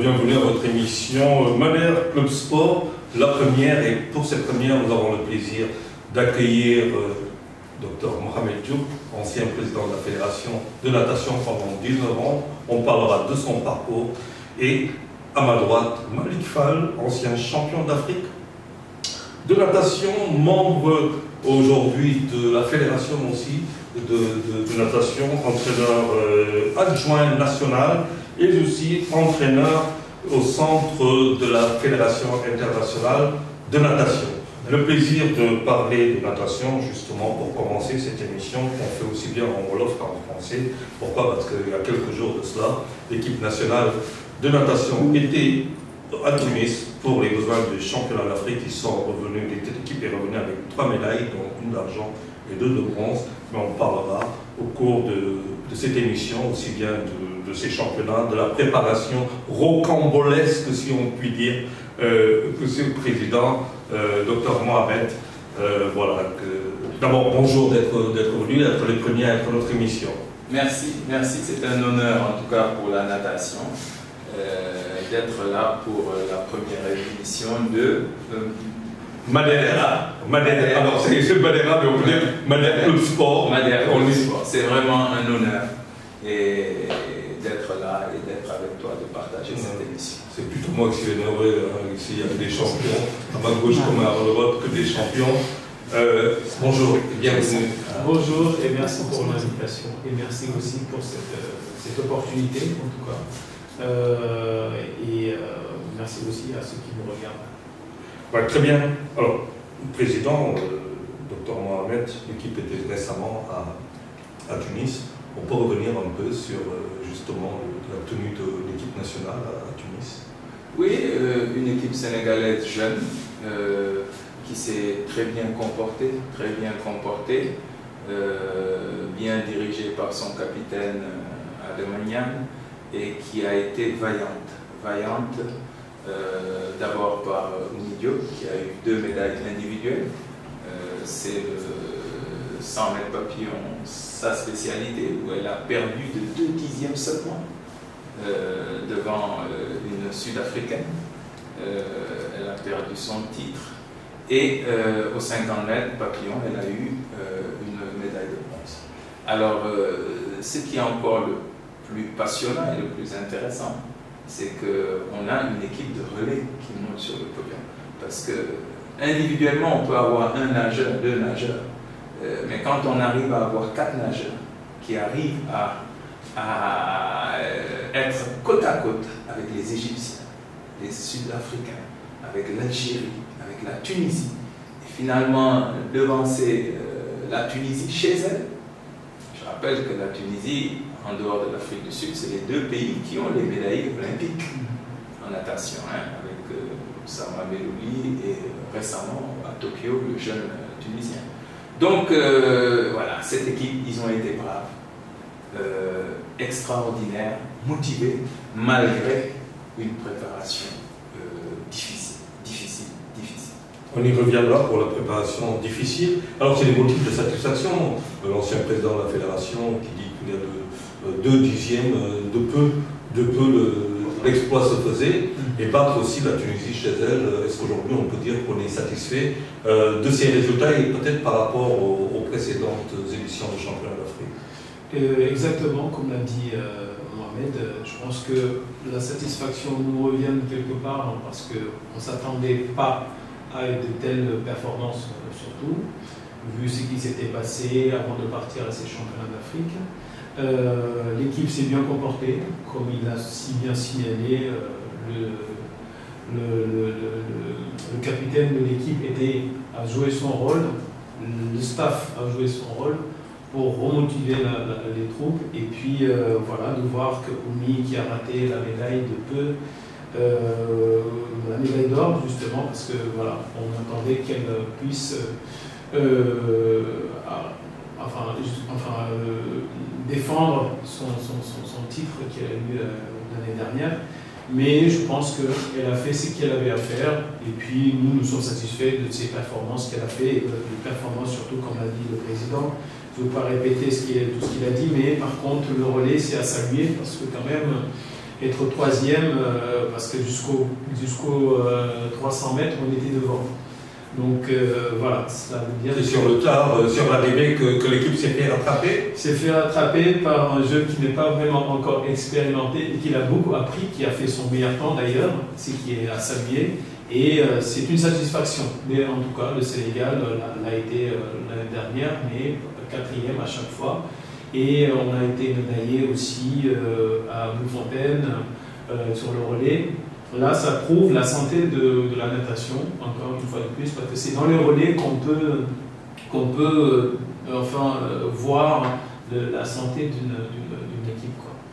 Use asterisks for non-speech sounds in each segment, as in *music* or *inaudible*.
bienvenue euh, à votre émission euh, Manère Club Sport, la première. Et pour cette première, nous avons le plaisir d'accueillir euh, Docteur Dr Mohamed Diouf, ancien président de la Fédération de natation pendant 19 ans. On parlera de son parcours. Et à ma droite, Malik Fall, ancien champion d'Afrique de natation, membre aujourd'hui de la Fédération aussi de, natation, entraîneur adjoint national et aussi entraîneur au centre de la Fédération internationale de natation. Le plaisir de parler de natation, justement, pour commencer cette émission qu'on fait aussi bien en Wolof qu'en français. Pourquoi Parce qu'il y a quelques jours de cela, l'équipe nationale de natation était à pour les besoins du championnat d'Afrique qui sont revenus, l'équipe est revenue avec trois médailles, dont une d'argent et deux de bronze, mais on parlera au cours de, de cette émission aussi bien de de ces championnats, de la préparation rocambolesque, si on peut dire, euh, que ce le président, euh, docteur Mohamed. Euh, voilà. D'abord, bonjour d'être venu, d'être les premiers à être notre émission. Merci, merci. C'est un honneur, en tout cas, pour la natation, d'être là pour la première émission de. Madera, Madeira. Alors, c'est Madera mais on peut dire le Sport. Madeira le Sport. C'est vraiment un honneur. Et d'être là et d'être avec toi, de partager cette émission. C'est plutôt moi qui suis énervé hein, y a des champions, à ma gauche comme à Europe, que des champions. Euh, bonjour et bienvenue. Bonjour et merci pour l'invitation et merci aussi pour cette, euh, cette opportunité en tout cas. Euh, et merci aussi à ceux qui nous regardent. très bien. Alors, président, docteur Mohamed, l'équipe était récemment à, à Tunis. On peut revenir un peu sur justement la tenue de l'équipe nationale à Tunis Oui, euh, une équipe sénégalaise jeune euh, qui s'est très bien comportée, très bien comportée, euh, bien dirigée par son capitaine Ademanian et qui a été vaillante, vaillante d'abord par Unidio qui a eu deux médailles individuelles. C'est sans mettre papillon sa spécialité, où elle a perdu de deux dixièmes seulement euh, devant euh, une Sud-Africaine. Euh, elle a perdu son titre. Et aux 50 mètres, papillon, elle a eu une médaille de bronze. Alors, ce qui est encore le plus passionnant et le plus intéressant, c'est qu'on a une équipe de relais qui monte sur le podium. Parce que individuellement, on peut avoir un nageur, deux nageurs, euh, mais quand on arrive à avoir quatre nageurs qui arrivent à, euh, être côte à côte avec les Égyptiens, les Sud-Africains, avec l'Algérie, avec la Tunisie, et finalement devancer euh, la Tunisie chez elle, je rappelle que la Tunisie, en dehors de l'Afrique du Sud, c'est les deux pays qui ont les médailles olympiques en natation, hein, avec euh, Melouli et récemment à Tokyo, le jeune Tunisien. Donc euh, voilà, cette équipe, ils ont été braves, euh, extraordinaires, motivés, malgré une préparation euh, difficile, difficile, difficile. On y reviendra pour la préparation difficile. Alors c'est des motifs de satisfaction. L'ancien président de la fédération qui dit qu'il y a deux, deux dixièmes de peu, de peu le l'exploit se faisait, mm. et battre aussi la Tunisie chez elle. Euh, est-ce qu'aujourd'hui on peut dire qu'on est satisfait euh, de ces résultats et peut-être par rapport aux, précédentes éditions de championnat d'Afrique euh, Exactement, comme l'a dit Mohamed, je pense que la satisfaction nous revient de quelque part hein, parce qu'on ne s'attendait pas à de telles performances surtout, vu ce qui s'était passé avant de partir à ces championnats d'Afrique. Euh, l'équipe s'est bien comportée, comme il a si bien signalé. Euh, le, capitaine de l'équipe était a joué son rôle, le staff a joué son rôle pour remotiver les troupes. Et puis euh, voilà, de voir que Oumi qui a raté la médaille de peu, la médaille d'or justement, parce que voilà, on attendait qu'elle puisse, enfin, enfin défendre son, titre qu'elle a eu euh, l'année dernière, mais je pense qu'elle a fait ce qu'elle avait à faire, et puis nous, nous sommes satisfaits de ses performances qu'elle a fait, des euh, performances surtout, comme l'a dit le président. Je ne veux pas répéter tout ce qu'il a dit, mais par contre, le relais, c'est à saluer, parce que quand même, être troisième, euh, parce que jusqu'au jusqu'au 300 mètres, on était devant. Donc euh, voilà, ça veut dire. C'est sur le tard, euh, sur l'arrivée, que, l'équipe s'est fait rattraper S'est fait rattraper par un jeu qui n'est pas vraiment encore expérimenté et qui a beaucoup appris, qui a fait son meilleur temps d'ailleurs, c'est qui est à saluer. Et euh, c'est une satisfaction. Mais en tout cas, le Sénégal l'a été l'année dernière, mais quatrième à chaque fois. Et on a été médaillé aussi à Boufontaine sur le relais. Là, ça prouve la santé de, la natation, encore une fois de plus, parce que c'est dans les relais qu'on peut, qu'on peut euh, enfin, euh, voir la santé d'une équipe.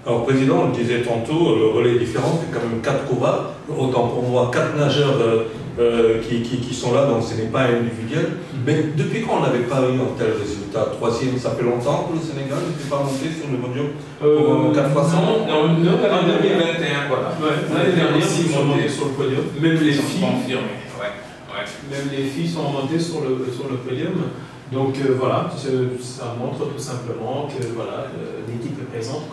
Alors, Président, on le disait tantôt, le relais est différent, c'est quand même quatre combats, autant pour moi, quatre nageurs euh, euh, qui, sont là, donc ce n'est pas individuel. Mais depuis quand on n'avait pas eu un tel résultat Troisième, ça fait longtemps que le Sénégal n'était pas monté sur le podium pour 4 euh, fois 100 Non, en 2021, voilà. Même L'année dernière, sont montés sur le podium. Même les filles. Même les filles sont montées sur le, sur le podium. Donc euh, voilà, ça montre tout simplement que voilà, l'équipe est présente.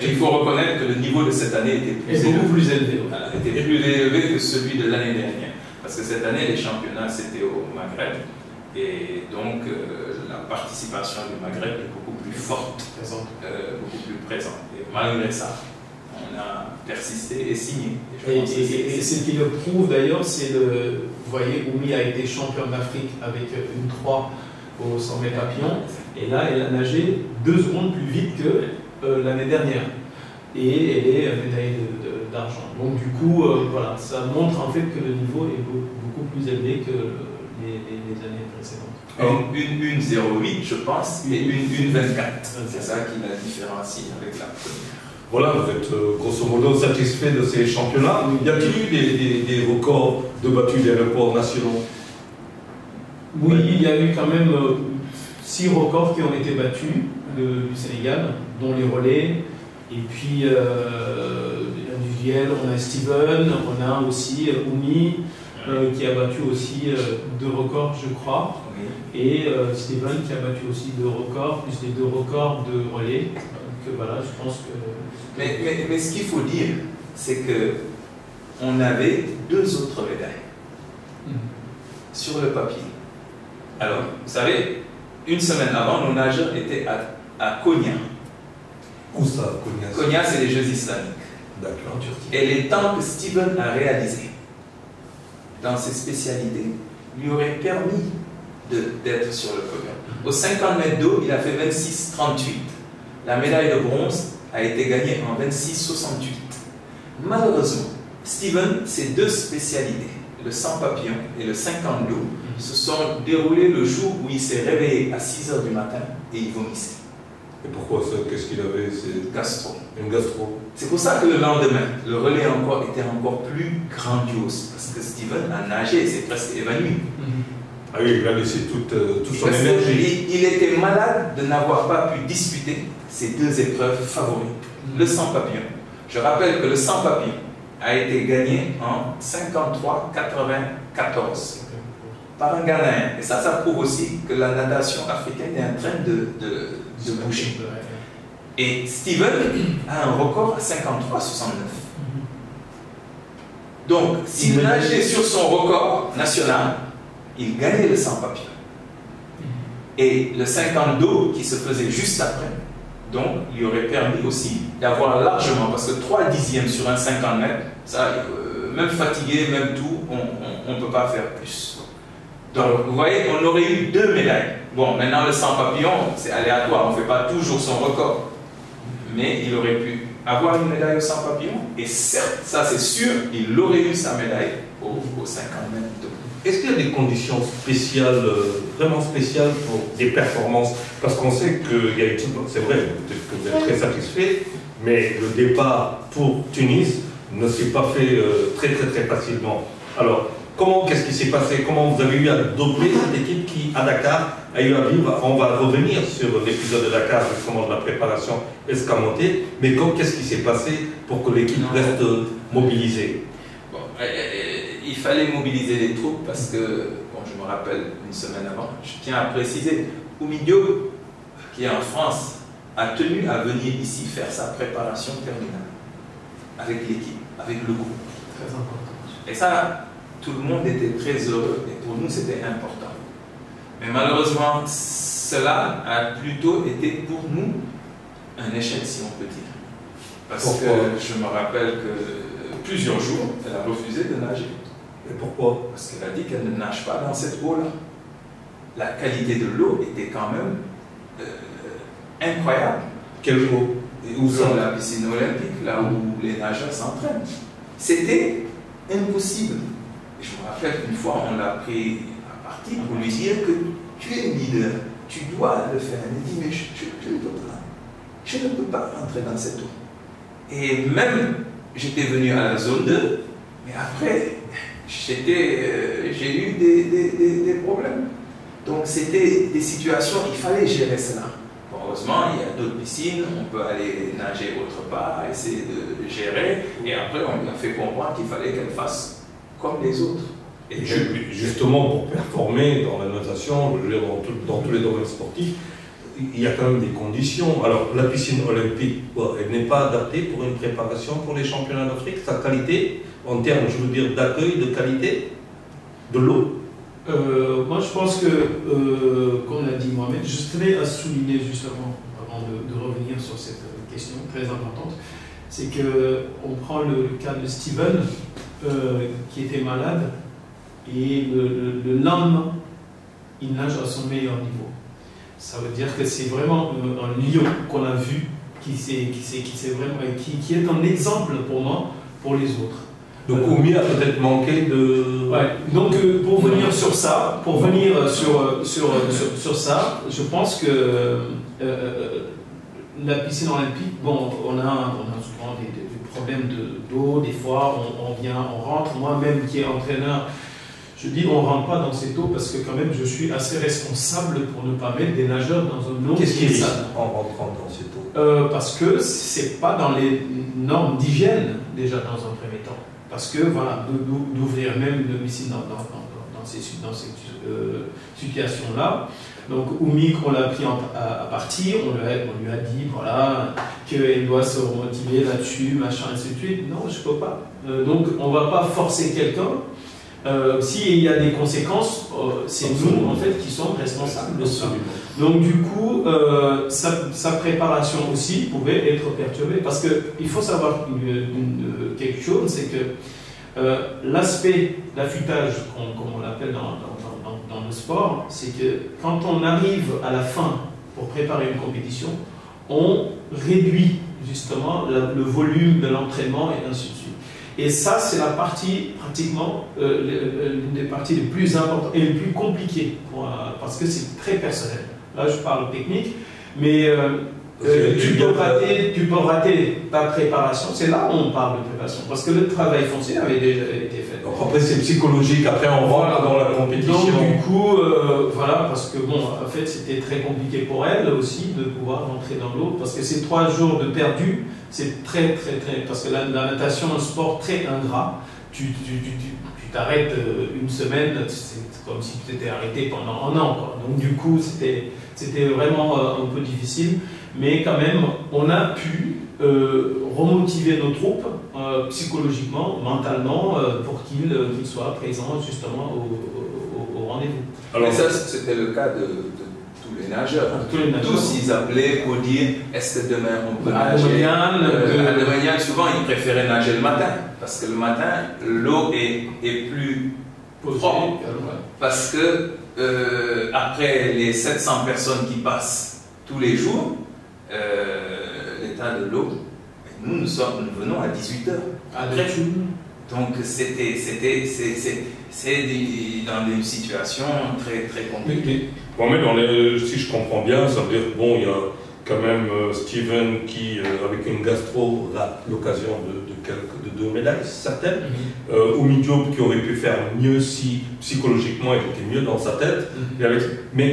il faut reconnaître que le niveau de cette année était beaucoup plus élevé, était plus élevé que celui de l'année dernière. Parce que cette année, les championnats, c'était au Maghreb. Et donc, euh, la participation du Maghreb est beaucoup plus forte, euh, beaucoup plus présente. Et malgré ça, on a persisté et signé. Et, ce qui le prouve d'ailleurs, c'est le. Vous voyez, Oumi a été champion d'Afrique avec une 3 au sommet papillon. Et là, elle a nagé deux secondes plus vite que euh, l'année dernière et elle est médaillée d'argent. Donc du coup, euh, voilà, ça montre en fait que le niveau est beaucoup plus élevé que les, années précédentes. 1 une, je pense, et une, une 24. C'est ça qui la avec la Voilà, vous êtes euh, grosso modo satisfait de ces championnats. Y a-t-il eu des, records de battus, des records nationaux Oui, il y a eu quand même euh, six records qui ont été battus du Sénégal, dont les relais, et puis, individuel, euh, on a Steven, on a aussi euh, Oumi, euh, qui a battu aussi deux records, je crois. Et Steven qui a battu aussi deux records, plus les deux records de relais. Donc voilà, je pense que. Mais, mais, ce qu'il faut dire, c'est que on avait deux autres médailles mhm. sur le papier. Alors, vous savez, une semaine avant, nos nageurs étaient à, à Cognac. Où ça, Konya c'est les Jeux islamiques. D'accord, en Turquie. Et les temps que Stephen a réalisés dans ses spécialités lui auraient permis d'être sur le podium. Au 50 mètres d'eau, il a fait 26,38. La médaille de bronze a été gagnée en 26,68. Malheureusement, Steven, ses deux spécialités, le 100 papillon et le 50 d'eau, mhm. se sont déroulées le jour où il s'est réveillé à 6 heures du matin et il vomissait. Et pourquoi ça Qu'est-ce qu'il avait C'est gastro. Une gastro. C'est pour ça que le lendemain, le relais encore, était encore plus grandiose. Parce que Steven a nagé, s'est presque évanoui. Ah oui, il a laissé toute, euh, son énergie. Il, était malade de n'avoir pas pu disputer ses deux épreuves favorites. Mm-hmm. Le sans papillon. Je rappelle que le sans papillon a été gagné en 53-94 par un Ghanéen. Et ça, ça prouve aussi que la natation africaine est en train de de bouger. Et Steven a un record à 53,69. Donc, s'il nageait sur son record national, il gagnait le 100 papier. Et le 52 qui se faisait juste après, donc, lui aurait permis aussi d'avoir largement, parce que 3 dixièmes sur un 50 mètres, ça, euh, même fatigué, même tout, on ne peut pas faire plus. Donc, vous voyez, on aurait eu deux médailles. Bon, maintenant, le sans papillon, c'est aléatoire, on ne fait pas toujours son record. Mais il aurait pu avoir une médaille au sans papillon, et certes, ça c'est sûr, il aurait eu sa médaille au, 50 mètres Est-ce qu'il y a des conditions spéciales, euh, vraiment spéciales pour des performances Parce qu'on sait qu'il y a c'est vrai, vous êtes très satisfait, mais le départ pour Tunis ne s'est pas fait euh, très très très facilement. Alors, Comment, qu'est-ce qui s'est passé Comment vous avez eu à doper cette équipe qui, à Dakar, a eu à vivre On va revenir sur l'épisode de Dakar, justement, de la préparation escamotée. Mais qu'est-ce qui s'est passé pour que l'équipe reste mobilisée eh, eh, eh, Il fallait mobiliser les troupes parce que, je me rappelle une semaine avant, je tiens à préciser, Oumidio, qui est en France, a tenu à venir ici faire sa préparation terminale avec l'équipe, avec le groupe. Très important. Et ça, tout le monde était très heureux et pour nous c'était important. Mais malheureusement, cela a plutôt été pour nous un échec, si on peut dire. Parce que je me rappelle que euh, plusieurs jours, elle a refusé de nager. Et pourquoi Parce qu'elle a dit qu'elle ne nage pas dans cette eau-là. La qualité de l'eau était quand même euh, incroyable. Quelle et Où sont la piscine olympique, là où les nageurs s'entraînent. C'était impossible je me rappelle une fois, on l'a pris à partie pour lui dire que tu es leader, tu dois le faire. Il dit, mais je, ne peux pas. Je rentrer dans cette eau. Et même, j'étais venu à la zone 2, mais après, euh, j'ai eu des, problèmes. Donc, c'était des situations, il fallait gérer cela. Heureusement, il y a d'autres piscines, on peut aller nager autre part, essayer de gérer. Et après, on lui a fait comprendre qu'il fallait qu'elle fasse comme les autres. Et justement, pour performer dans la natation, dans, dans tous les domaines sportifs, il y a quand même des conditions. Alors, la piscine olympique, elle n'est pas adaptée pour une préparation pour les championnats d'Afrique. Sa qualité, en termes, je veux dire, d'accueil, de qualité, de l'eau euh, Moi, je pense que, euh, comme l'a a dit Mohamed, je tenais à souligner justement, avant de, revenir sur cette question très importante, c'est que on prend le cas de Steven, euh, qui était malade et le, le, il nage à son meilleur niveau. Ça veut dire que c'est vraiment euh, un lion qu'on a vu qui, est, qui, qui, c'est vraiment, qui, qui est un exemple pour moi, pour les autres. Donc au euh, mieux a peut-être manqué de... Ouais. Donc pour venir sur ça, pour venir sur, sur, sur, ça, je pense que euh, la piscine olympique, bon, on a, on a souvent des, problèmes d'eau, des fois on, vient, on rentre. Moi-même qui est entraîneur, je dis on ne rentre pas dans cette eau parce que quand même je suis assez responsable pour ne pas mettre des nageurs dans une eau Qu'est-ce qui est sale en rentrant dans cette eau euh, Parce que c'est pas dans les normes d'hygiène déjà dans un premier temps. Parce que voilà, d'ouvrir même une piscine dans, cette euh, situation ces, là donc Oumik, on l'a pris à, partir, on, lui a, lui dit, voilà, qu'elle doit se remotiver là-dessus, machin, ainsi de suite. Non, je peux pas. Euh, donc on va pas forcer quelqu'un. Euh, S'il y a des conséquences, euh, c'est nous, en fait, qui sommes responsables de ça. Donc du coup, euh, sa, préparation aussi pouvait être perturbée. Parce qu'il faut savoir quelque chose, c'est que l'aspect d'affûtage, comme on l'appelle dans, dans sport, c'est que quand on arrive à la fin pour préparer une compétition, on réduit justement le volume de l'entraînement et ainsi de suite. Et ça, c'est la partie pratiquement une euh, l'une des parties les plus importantes et les plus compliquées parce que c'est très personnel. Là, je parle technique, mais euh, euh, tu, peux rater, tu peux rater ta préparation. C'est là où on parle de préparation parce que le travail foncier avait déjà été après, c'est psychologique. Après, on rentre dans la compétition. Donc, du coup, euh, voilà, parce que bon, en fait, c'était très compliqué pour elle aussi de pouvoir rentrer dans l'eau. Parce que ces trois jours de perdu, c'est très, très, très. Parce que la, natation un sport très ingrat. Tu, t'arrêtes euh, une semaine, c'est comme si tu t'étais arrêté pendant un an. Quoi. Donc, du coup, c'était, c'était vraiment euh, un peu difficile mais quand même, on a pu euh, remotiver nos troupes euh, psychologiquement, mentalement, euh, pour qu'ils soient présents justement au, rendez-vous. Alors ça, c'était le cas de, tous les nageurs. Tous, ils appelaient pour dire est-ce que demain on peut nager de souvent, ils préféraient nager le matin, parce que le matin, l'eau est, est, plus propre. Parce que après les 700 personnes qui passent tous les jours, euh, l'état de l'eau, nous, nous, sommes, nous venons à 18h. Ah, Après ben, tout. Donc, c'était dans une situations très, très compliquées. Bon, mais dans les, euh, si je comprends bien, ça veut dire bon, il y a quand même euh, Steven qui, avec une gastro, a l'occasion de, quelques, de deux médailles, certaines. Mm -hmm. qui aurait pu faire mieux si psychologiquement il était mieux dans sa tête. Mhm. mais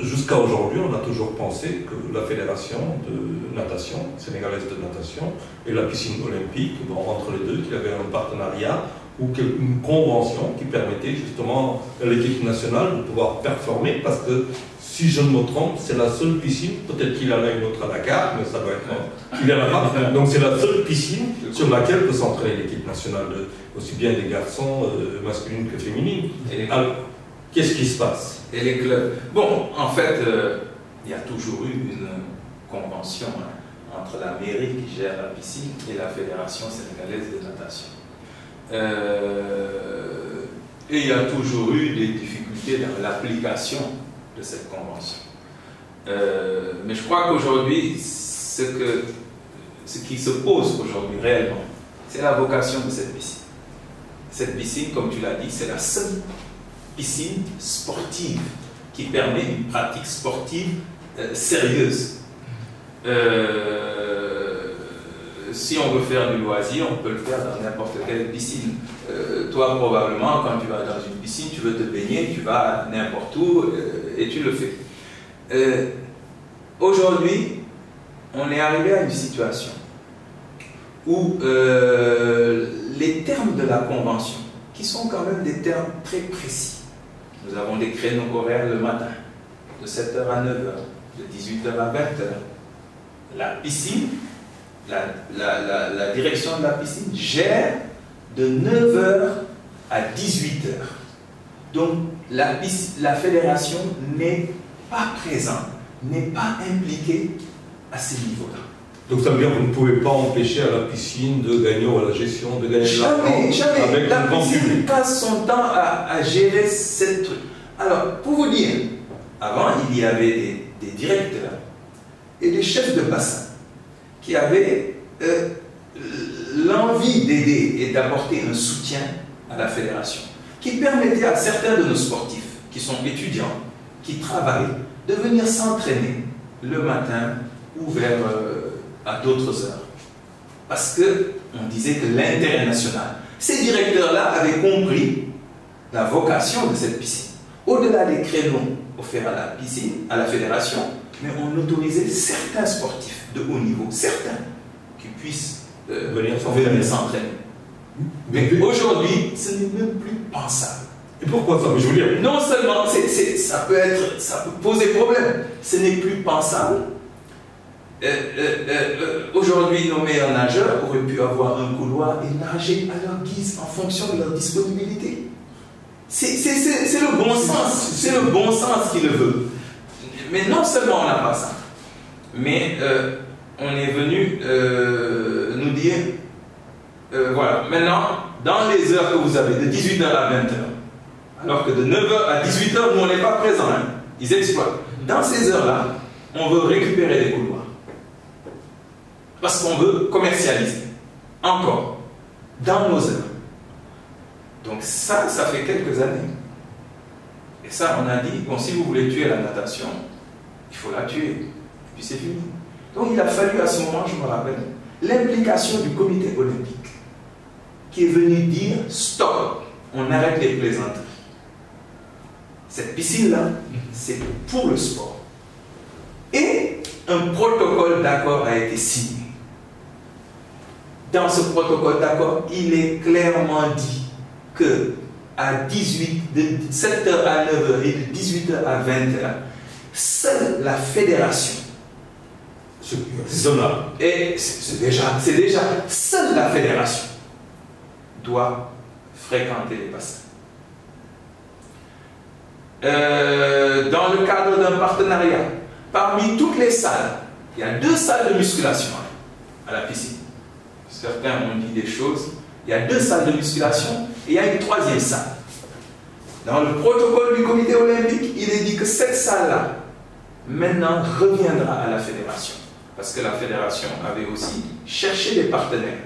jusqu'à aujourd'hui, on a toujours pensé que la fédération de natation, sénégalaise de natation, et la piscine olympique, entre les deux, qu'il y avait un partenariat ou une convention qui permettait justement à l'équipe nationale de pouvoir performer parce que si je ne me trompe, c'est la seule piscine, peut-être qu'il y en a une autre à Dakar, mais ça doit être il y en a pas. *laughs* Donc c'est la seule piscine sur laquelle peut s'entraîner l'équipe nationale, aussi bien des garçons euh, masculines que féminines. Alors, qu'est-ce qui se passe et les clubs. Bon, en fait, euh, il y a toujours eu une convention hein, entre la mairie qui gère la piscine et la Fédération sénégalaise de natation. Euh, et il y a toujours eu des difficultés dans l'application de cette convention. Euh, mais je crois qu'aujourd'hui, ce, que, ce qui se pose aujourd'hui réellement, c'est la vocation de cette piscine. Cette piscine, comme tu l'as dit, c'est la seule piscine sportive qui permet une pratique sportive euh, sérieuse. Euh, si on veut faire du loisir, on peut le faire dans n'importe quelle piscine. Euh, toi, probablement, quand tu vas dans une piscine, tu veux te baigner, tu vas n'importe où et tu le fais. Aujourd'hui, on est arrivé à une situation où les termes de la Convention, qui sont quand même des termes très précis, nous avons des créneaux horaires le matin, de 7h à 9h, de 18h à 20h. La piscine, la, direction de la piscine gère de 9h à 18h. Donc la fédération n'est pas présente, n'est pas impliquée à ces niveaux-là. Donc ça veut dire que vous ne pouvez pas empêcher à la piscine de gagner ou à la gestion, de gagner de l'argent. Jamais, jamais. La piscine passe son temps à, gérer cette truc. Alors, pour vous dire, avant, il y avait des, directeurs et des chefs de bassin qui avaient euh, l'envie d'aider et d'apporter un soutien à la fédération, qui permettait à certains de nos sportifs, qui sont étudiants, qui travaillent, de venir s'entraîner le matin ou vers... Euh, à d'autres heures. Parce que on disait que l'intérêt national. Ces directeurs-là avaient compris la vocation de cette piscine. Au-delà des créneaux offerts à la piscine, à la fédération, mais on autorisait certains sportifs de haut niveau, certains, qui puissent euh, venir s'entraîner. Mmh. Mais aujourd'hui, ce n'est même plus pensable. Et pourquoi ça Je veux dire, non seulement ça, peut être, ça peut poser problème, ce n'est plus pensable, euh, euh, euh, aujourd'hui nos un nageur, auraient pu avoir un couloir et nager à leur guise en fonction de leur disponibilité. C'est le bon sens, c'est le bon sens qui le veut. Mais non seulement on n'a pas ça, mais on est venu nous dire, voilà, maintenant, dans les heures que vous avez, de 18h à 20h, alors que de 9h à 18h, nous, on n'est pas présent, hein. ils exploitent. Dans ces heures-là, on veut récupérer les couloirs parce qu'on veut commercialiser. Encore, dans nos heures. Donc ça, ça fait quelques années. Et ça, on a dit, bon, si vous voulez tuer la natation, il faut la tuer. Et puis c'est fini. Donc il a fallu à ce moment, je me rappelle, l'implication du comité olympique qui est venu dire, stop, on arrête les plaisanteries. Cette piscine-là, c'est pour le sport. Et un protocole d'accord a été signé dans ce protocole d'accord, il est clairement dit que à 18, de 7h à 9h et de 18h à 20h, seule la fédération et c'est déjà, c'est déjà, seule la fédération doit fréquenter les bassins. Euh, dans le cadre d'un partenariat, parmi toutes les salles, il y a deux salles de musculation à la piscine. Certains ont dit des choses. Il y a deux salles de musculation et il y a une troisième salle. Dans le protocole du comité olympique, il est dit que cette salle-là, maintenant, reviendra à la fédération. Parce que la fédération avait aussi cherché des partenaires.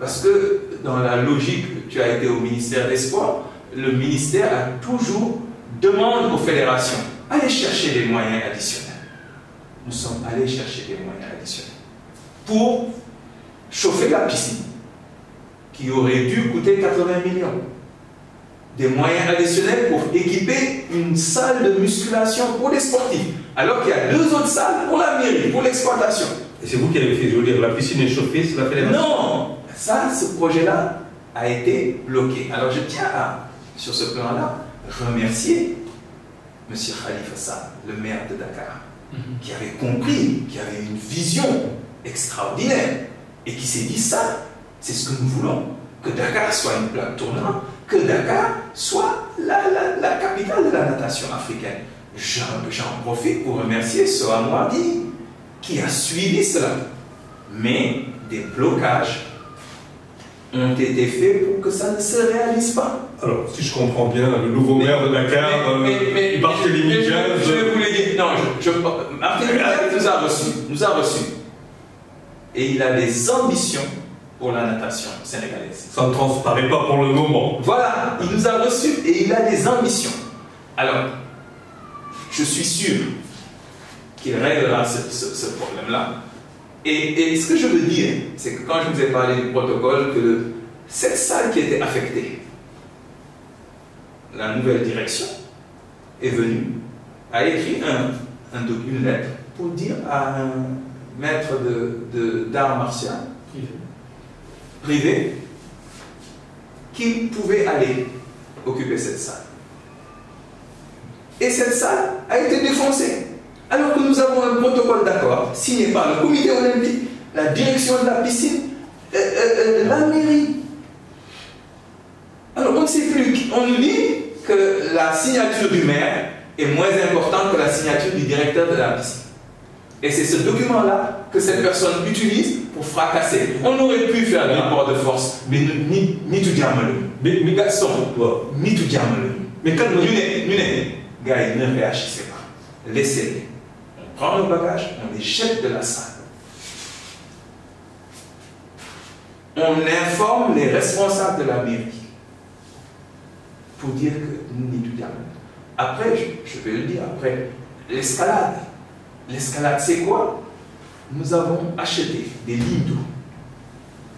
Parce que dans la logique, tu as été au ministère des Sports, le ministère a toujours demandé aux fédérations, allez chercher des moyens additionnels. Nous sommes allés chercher des moyens additionnels pour chauffer la piscine, qui aurait dû coûter 80 millions. Des moyens additionnels pour équiper une salle de musculation pour les sportifs, alors qu'il y a deux autres salles pour la mairie, pour l'exploitation. Et c'est vous qui avez fait, je veux dire, la piscine est chauffée, cela fait les Non Ça, ce projet-là a été bloqué. Alors je tiens à, sur ce plan-là, remercier M. Khalifa Sall, le maire de Dakar, mhm. qui avait compris, qui avait une vision extraordinaire et qui s'est dit ça, c'est ce que nous voulons, que Dakar soit une plaque tournante, que Dakar soit la, capitale de la natation africaine. J'en profite pour remercier ce qui a suivi cela. Mais des blocages ont été faits pour que ça ne se réalise pas. Alors, si je comprends bien, le nouveau maire de Dakar, euh, Barthélémy Diaz... Je, voulais dire, non, Martin ah, nous a reçus, nous a reçus et il a des ambitions pour la natation sénégalaise. Ça ne transparaît pas pour le moment. Voilà, il nous a reçus et il a des ambitions. Alors, je suis sûr qu'il réglera ce, problème-là. Et, ce que je veux dire, c'est que quand je vous ai parlé du protocole, que cette salle qui était affectée, la nouvelle direction est venue, a écrit une lettre pour dire à maître d'art martial privé. qui pouvait aller occuper cette salle. Et cette salle a été défoncée. Alors que nous avons un protocole d'accord signé par le comité olympique, la direction de la piscine, euh, euh, euh, la mairie. Alors on ne sait plus, on nous dit que la signature du maire est moins importante que la signature du directeur de la piscine. Et c'est ce document-là que cette personne utilise pour fracasser. On aurait pu faire un rapport de force, mais ni, ni tout diamant. Mais, mais garçon, ni tout diamant. Mais quand nous, nous, gars, ne réagissez pas. Laissez-les. On prend nos bagages, on les jette de la salle. On informe les responsables de la mairie pour dire que ni tout diamant. Après, je vais le dire après, l'escalade L'escalade, c'est quoi Nous avons acheté des lignes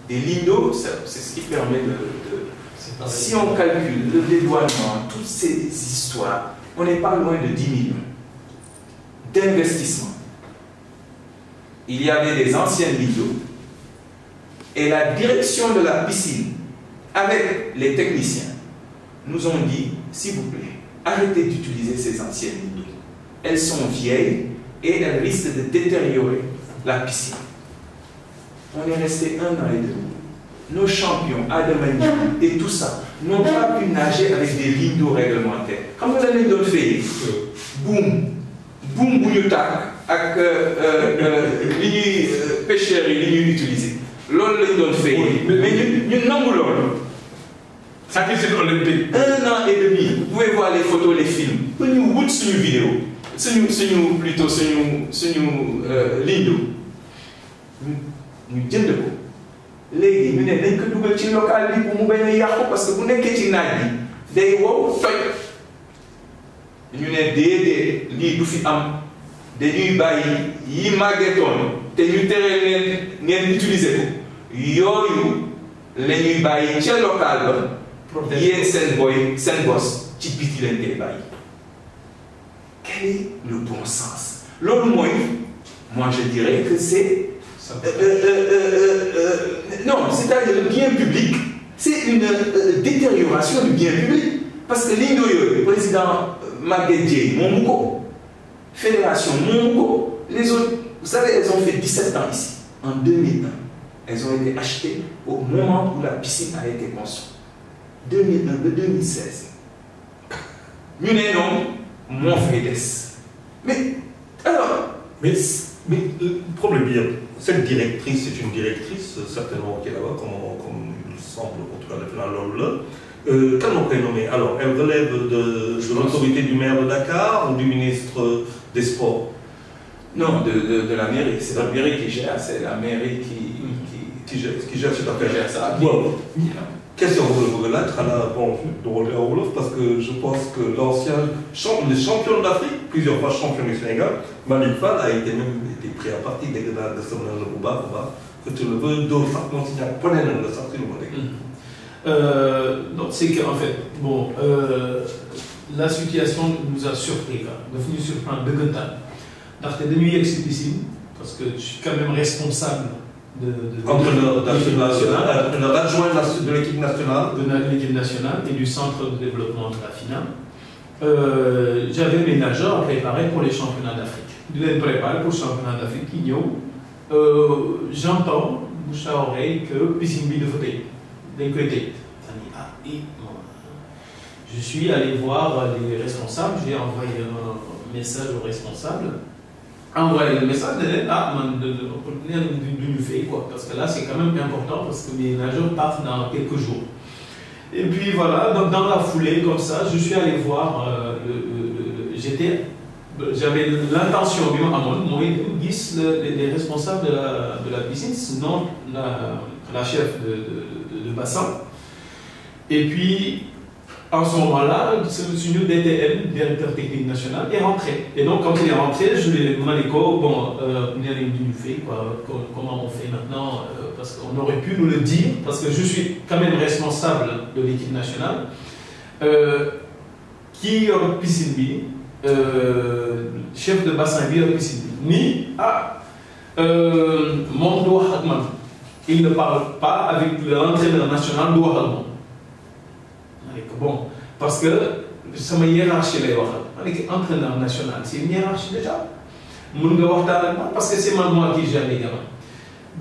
Des lignes c'est ce qui permet de... si on calcule le dédouanement, toutes ces histoires, on n'est pas loin de 10 millions d'investissement. Il y avait des anciennes lignes Et la direction de la piscine, avec les techniciens, nous ont dit, s'il vous plaît, arrêtez d'utiliser ces anciennes lignes Elles sont vieilles, et elle risque de détériorer la piscine. On est resté un an et demi. Nos champions, Adamani et tout ça, n'ont pas pu nager avec des lignes d'eau réglementaires. Quand vous allez dans le fait, boum, boum, bouillotac, avec euh, euh, euh, lignes pêcheurs et lignes utilisées. L'ol lañ doon fay mais nous ñun nangu pas ça olympique. un an et demi vous pouvez voir les photos les films Nous vous une vidéo suñu suñu plutôt suñu suñu euh, ligne ñu ñu jënd ko léegi ñu ne nañ ko dugal ci local bi mu bañ a yàqu parce que bu nekkee ci naaj bi day wow toj ñu ne déedéet lii bu fi am dañuy bàyyi yi màggetoon te ñu tere leen ngeen utiliser ko yooyu la ñuy bàyyi ca local ba yéen seen boy seen bos ci biti le koy bàyyi Quel est le bon sens L'homme moïse, moi je dirais que c'est... Euh, euh, euh, non, c'est-à-dire le bien public, c'est une détérioration du bien public. Parce que l'Indoyo, le président Maguedje, Mongo, Fédération Mongo, les autres, vous savez, elles ont fait 17 ans ici, en 2001. Elles ont été achetées au moment où la piscine a été construite. 2001, 2016. Nous n'avons mon fédès. Mais, alors. Mais, mais le problème bien, cette directrice est une directrice, certainement qui est là-bas, comme, comme, il semble, en tout cas, de la là Euh, Qu'en ont prénommé Alors, elle relève de, l'autorité du maire de Dakar ou du ministre des Sports Non, de, de, la mairie. C'est la mairie qui gère, c'est la mairie qui, qui, qui, gère, qui gère cette Qui gère ça. Question de Roger Wolof, parce que je pense que l'ancien champion, champion d'Afrique, plusieurs fois champion du Sénégal, Malik Fall a été même été pris à partie dès que la Semenage de Bouba, que tu le veux, d'autres sacs euh, non signés, prenez le sac le modèle. Donc c'est qu'en fait, bon, euh, la situation nous a surpris, là. nous avons surprendre de Gantan. Parce est devenu parce que je suis quand même responsable entre le, de euh, l'équipe nationale. De l'équipe nationale et du centre de développement de la FINA. Euh, j'avais mes nageurs préparés pour les championnats d'Afrique. Je les préparer pour les championnats d'Afrique euh, J'entends, bouche à oreille, que Pissimbi de Fauteuil, d'un ah, Je suis allé voir les responsables, j'ai envoyé un message aux responsables envoyer le message de ah, pour de, du quoi. Parce que là, c'est quand même important parce que mes nageurs partent dans quelques jours. Et puis voilà, donc dans la foulée, comme ça, je suis allé voir, euh, j'étais, j'avais l'intention, à mon les, responsables de la, de la la, la chef de, de, de bassin. Et puis, en ce moment-là, ce monsieur DTM, directeur technique national, est rentré. Et donc, quand il est rentré, je lui ai demandé bon, euh, quoi, comment on fait maintenant, euh, parce qu'on aurait pu nous le dire, parce que je suis quand même responsable de l'équipe nationale. Euh, qui euh, chef de bassin B ni à mon doigt il ne parle pas avec l'entraîneur national Hadman et que bon, parce que sama hiérarchie lay waxal ma que ki entraîneur national c'est une hiérarchie déjà mun nga waxtaan ak man parce que c'est moi moi qui gère les gamins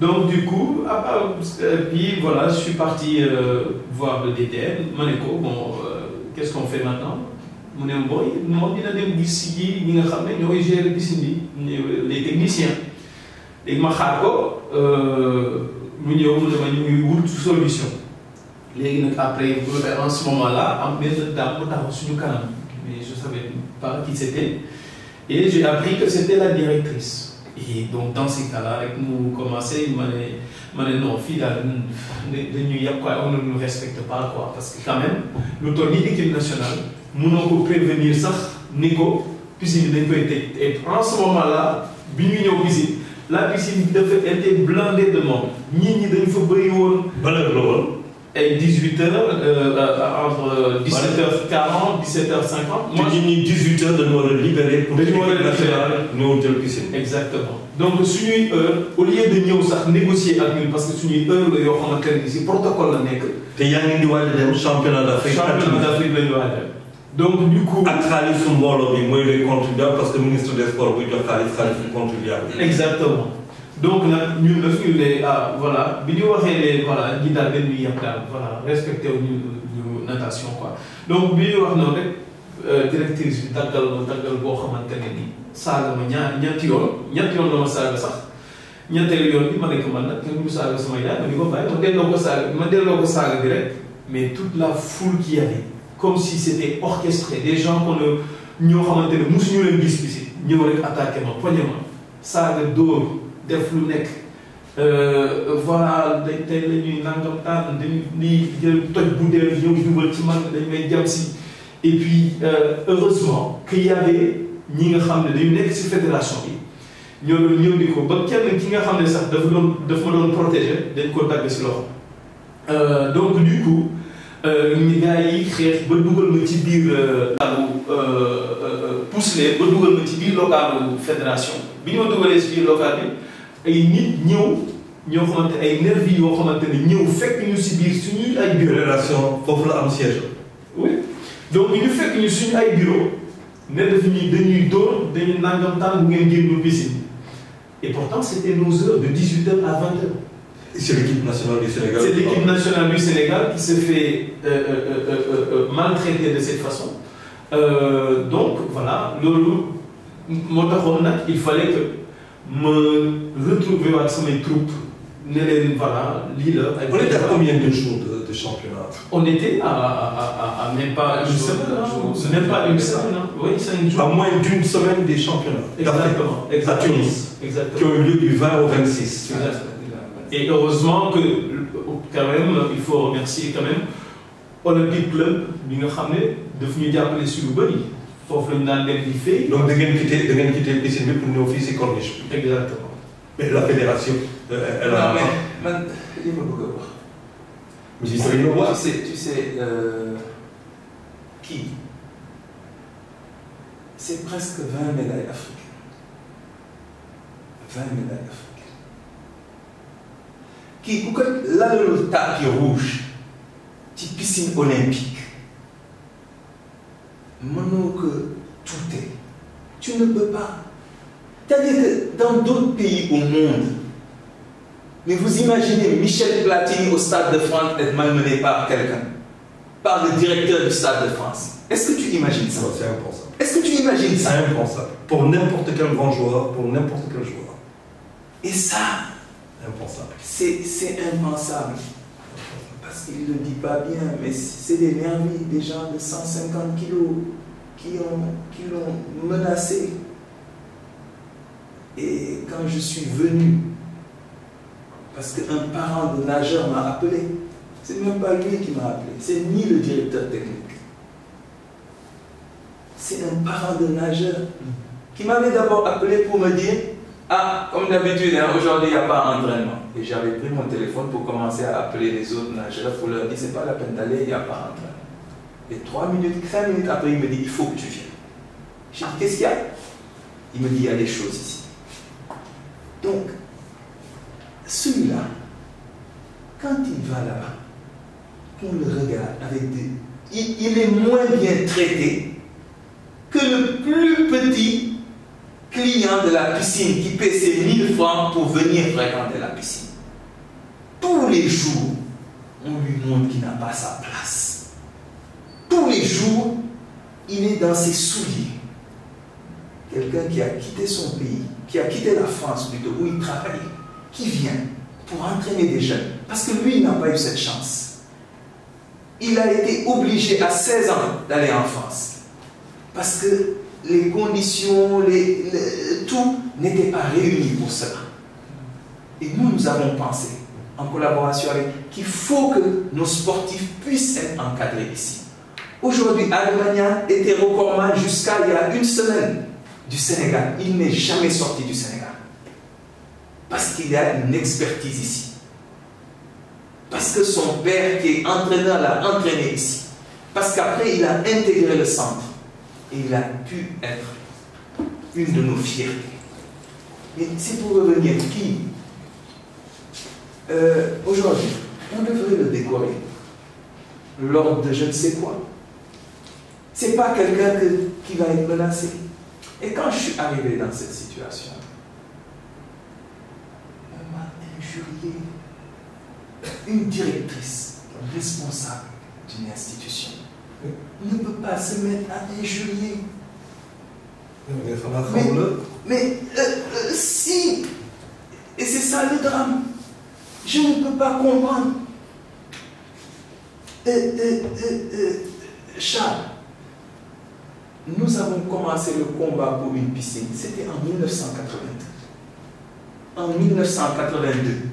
donc du coup après ah, ah, euh, puis voilà je suis parti euh, voir le DTN ma ko bon euh, qu'est-ce qu'on fait maintenant mu ne boy moom dina dem gis si ñi nga xamné ñoy gérer bisin les techniciens les ma xaar ko euh, mu ñëw mu ne ñu ngi wut solution léegi après en ce moment là am benn dame bu taxaw suñu kanam mais je savais pas qui c'était et j'ai appris que c'était la directrice. et donc dans ce cas-là avec nous, on ma ne non quoi on ne nous respecte pas quoi parce que quand même nous équipe nationale Nous ko prévenir sax ni ko piscine bi dañ koy tëj et en ce moment là bi ñu ñëw la piscine a été blindée de monde ñit ñi dañ fa bëri valeur et 18h, euh, euh, euh, entre 17h40, 17h50. Moi, tu dis 18h de nous libérer pour le d'affaires, nous hôtel piscine. Exactement. Donc, suñuy heure, au lieu de nous négocier avec nous, parce que suñuy heure il y xamante un si protocole la Et il y ngi di waaj de championnat d'Afrique. championnat d'Afrique de donc du coup. ak xaalisu mbooloo bi mooy le contribue, parce que ministre des sports oui, jox xaalis xaalisu contribuable. exactement donc nag ñun la suñu ne ah voilà bi waxé waxee ne voilà ñi daal dañuy yem daal voilà respecté ñu ñu natation quoi donc bi wax non rek euh, directrice bi daggal ma daggal xamantene ni ne nii saaga ma ñaar ñetti yoon ñetti yoon la ma sax ñetteelu yoon bi ma nekk man nak ñu du saaga sama yaa ma di ko bàyyi ma delloo ko saaga ma delloo ko saaga bi rek mais toute la foule qui y comme si c'était orchestré des gens qu'on ne ñoo xamantene ne mosuñu leen gis bi si ñëw rek attaquer ma poñe ma saaga dóor def lu nekk euh, voilà dañ tey la ñuy nangam taan dañuy nii jël toj bu dee ñëw jubal ci man dañ may jam si et puis euh, heureusement que y avait ñi nga xam ne dañu nekk si fédération bi ñoo doon ñëw ko ba kenn ki nga xam ne sax dafa doon daf ma doon protéger dañ ko dagg si loxo euh, donc du coup ñi gars yi xeex ba dugal ma ci biir locaalu pousse ba dugal ma ci biir locaalu fédération bi ñoo dugalee ci biir local bi ay nit ñëw ñoo xamante ay nervi yoo xamante ni ñëw fekk ñu si biir suñuy ay bureau relation foofu la am siège oui donc ñu fekk ñu suñu ay bureau ne daf ñuy dañuy door dañu nangam tànn bu ngeen génn piscine et pourtant c'était nos heures de 18 heures à 20 heures c'est l'équipe nationale du Sénégal. C'est l'équipe nationale du Sénégal qui se fait euh, euh, euh, maltraiter de cette façon. donc voilà, le, le, il fallait que me retrouver avec mes troupes. Voilà, Lille. On était à combien de jours de, championnat On était à, à, même pas une semaine. même une semaine. À hein. hein. hein. moins d'une semaine des championnats. Exactement. Exactement. À Tunis. Exactement. Qui ont eu lieu du 20 au 26. Et heureusement que, quand même, il faut remercier quand même Olympique Club, de devenu appeler sur le donc da ngeen quitté le ngeen quitté piscine bi pour ñëw fii si corniche. exactement. mais la fédération. Euh, elle a non mais man li ma bëgg a wax. tu sais tu sais qui, euh, presque 20 médailles africaines 20 médailles africaines Qui ku le tapis rouge ci piscine olympique. Maintenant que tout est, tu ne peux pas. C'est-à-dire que dans d'autres pays au monde, mais vous imaginez Michel Platini au Stade de France être malmené par quelqu'un, par le directeur du Stade de France. Est-ce que tu imagines ça C'est impensable. Est-ce que tu imagines ça C'est impensable. Pour n'importe quel grand joueur, pour n'importe quel joueur. Et ça C'est impensable parce qu'il ne le dit pas bien, mais c'est des nervis, des gens de 150 kilos qui l'ont qui menacé. Et quand je suis venu, parce qu'un parent de nageur m'a appelé, c'est même pas lui qui m'a appelé, c'est ni le directeur technique. C'est un parent de nageur qui m'avait d'abord appelé pour me dire ah, comme d'habitude, hein, aujourd'hui, il n'y a pas d'entraînement. Et j'avais pris mon téléphone pour commencer à appeler les autres nageurs pour leur dire, c'est pas la peine d'aller, il n'y a pas d'entraînement. Et trois minutes, cinq minutes après, il me dit, il faut que tu viennes. J'ai dit, qu'est-ce qu'il y a Il me dit, il y a des choses ici. Donc, celui-là, quand il va là-bas, on le regarde avec des... il est moins bien traité que le plus petit client de la piscine qui paie ses 1000 francs pour venir fréquenter la piscine. Tous les jours, on lui montre qu'il n'a pas sa place. Tous les jours, il est dans ses souliers. Quelqu'un qui a quitté son pays, qui a quitté la France plutôt, où il travaillait, qui vient pour entraîner des jeunes, parce que lui, il n'a pas eu cette chance. Il a été obligé à 16 ans d'aller en France, parce que les conditions, tout n'était pas réuni pour cela. Et nous, nous avons pensé, en collaboration avec, qu'il faut que nos sportifs puissent être encadrés ici. Aujourd'hui, Almagna était recordman jusqu'à il y a une semaine du Sénégal. Il n'est jamais sorti du Sénégal. Parce qu'il a une expertise ici. Parce que son père, qui est entraîneur, l'a entraîné ici. Parce qu'après, il a intégré le centre. Et il a pu être une de nos fiertés. Mais c'est pour revenir qui euh, Aujourd'hui, on devrait le décorer lors de je ne sais quoi. C'est pas quelqu'un qui va être menacé. Et quand je suis arrivé dans cette situation, on m'a injurié une directrice responsable d'une institution ne peut pas se mettre à injurier. Mais, euh, euh, si, et c'est ça le drame, je ne peux pas comprendre. Charles, nous avons commencé le combat pour une piscine, c'était en 1982. En 1982,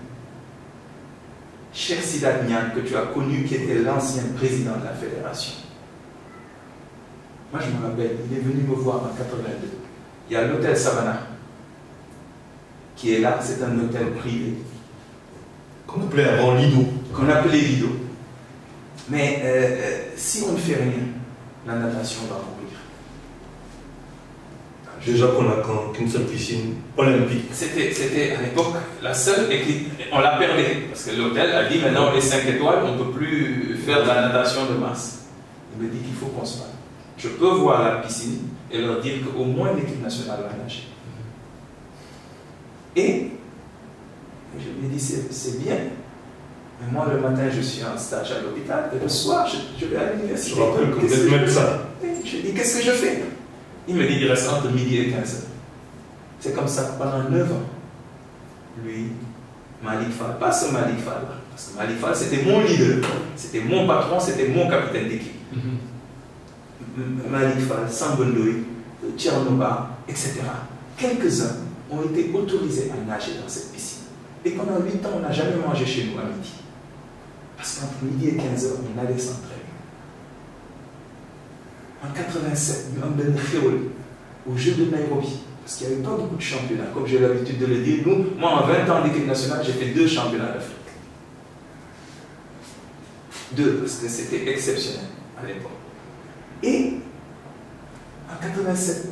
cher Sidat que tu as connu, qui était l'ancien président de la fédération, moi, je me rappelle, il est venu me voir en 82. Il y a l'hôtel Savannah qui est là, c'est un hôtel privé. Qu'on appelait avant Lido. Qu'on appelait Lido. Mais euh, euh, si on ne fait rien, la natation va mourir. Déjà qu'on qu'une seule piscine olympique. C'était à l'époque la seule et on la perdue. Parce que l'hôtel a dit maintenant les 5 étoiles, on ne peut plus faire de la natation de masse. Il me dit qu'il faut qu'on se batte je peux voir la piscine et leur dire qu'au moins l'équipe nationale va nager. Et je me dis, c'est bien. Mais moi, le matin, je suis en stage à l'hôpital et le soir, je, vais à l'université. Je vous Je dis, qu'est-ce que je fais Il me dit, il reste entre midi et 15 heures. C'est comme ça pendant 9 ans. Lui, Malik Fall, pas ce Malik Fall, parce que Malik Fall, c'était mon leader, c'était mon patron, c'était mon capitaine d'équipe. Mhm. Malik Sambon Tchernoba, etc. Quelques-uns ont été autorisés à nager dans cette piscine. Et pendant 8 ans, on n'a jamais mangé chez nous à midi. Parce qu'entre midi et 15 heures, on allait s'entraîner. En 87, au jeu de Nairobi, parce qu'il n'y avait pas beaucoup de championnats, comme j'ai l'habitude de le dire, nous, moi en 20 ans d'équipe nationale, j'ai fait deux championnats d'Afrique. Deux, parce que c'était exceptionnel à l'époque. 87,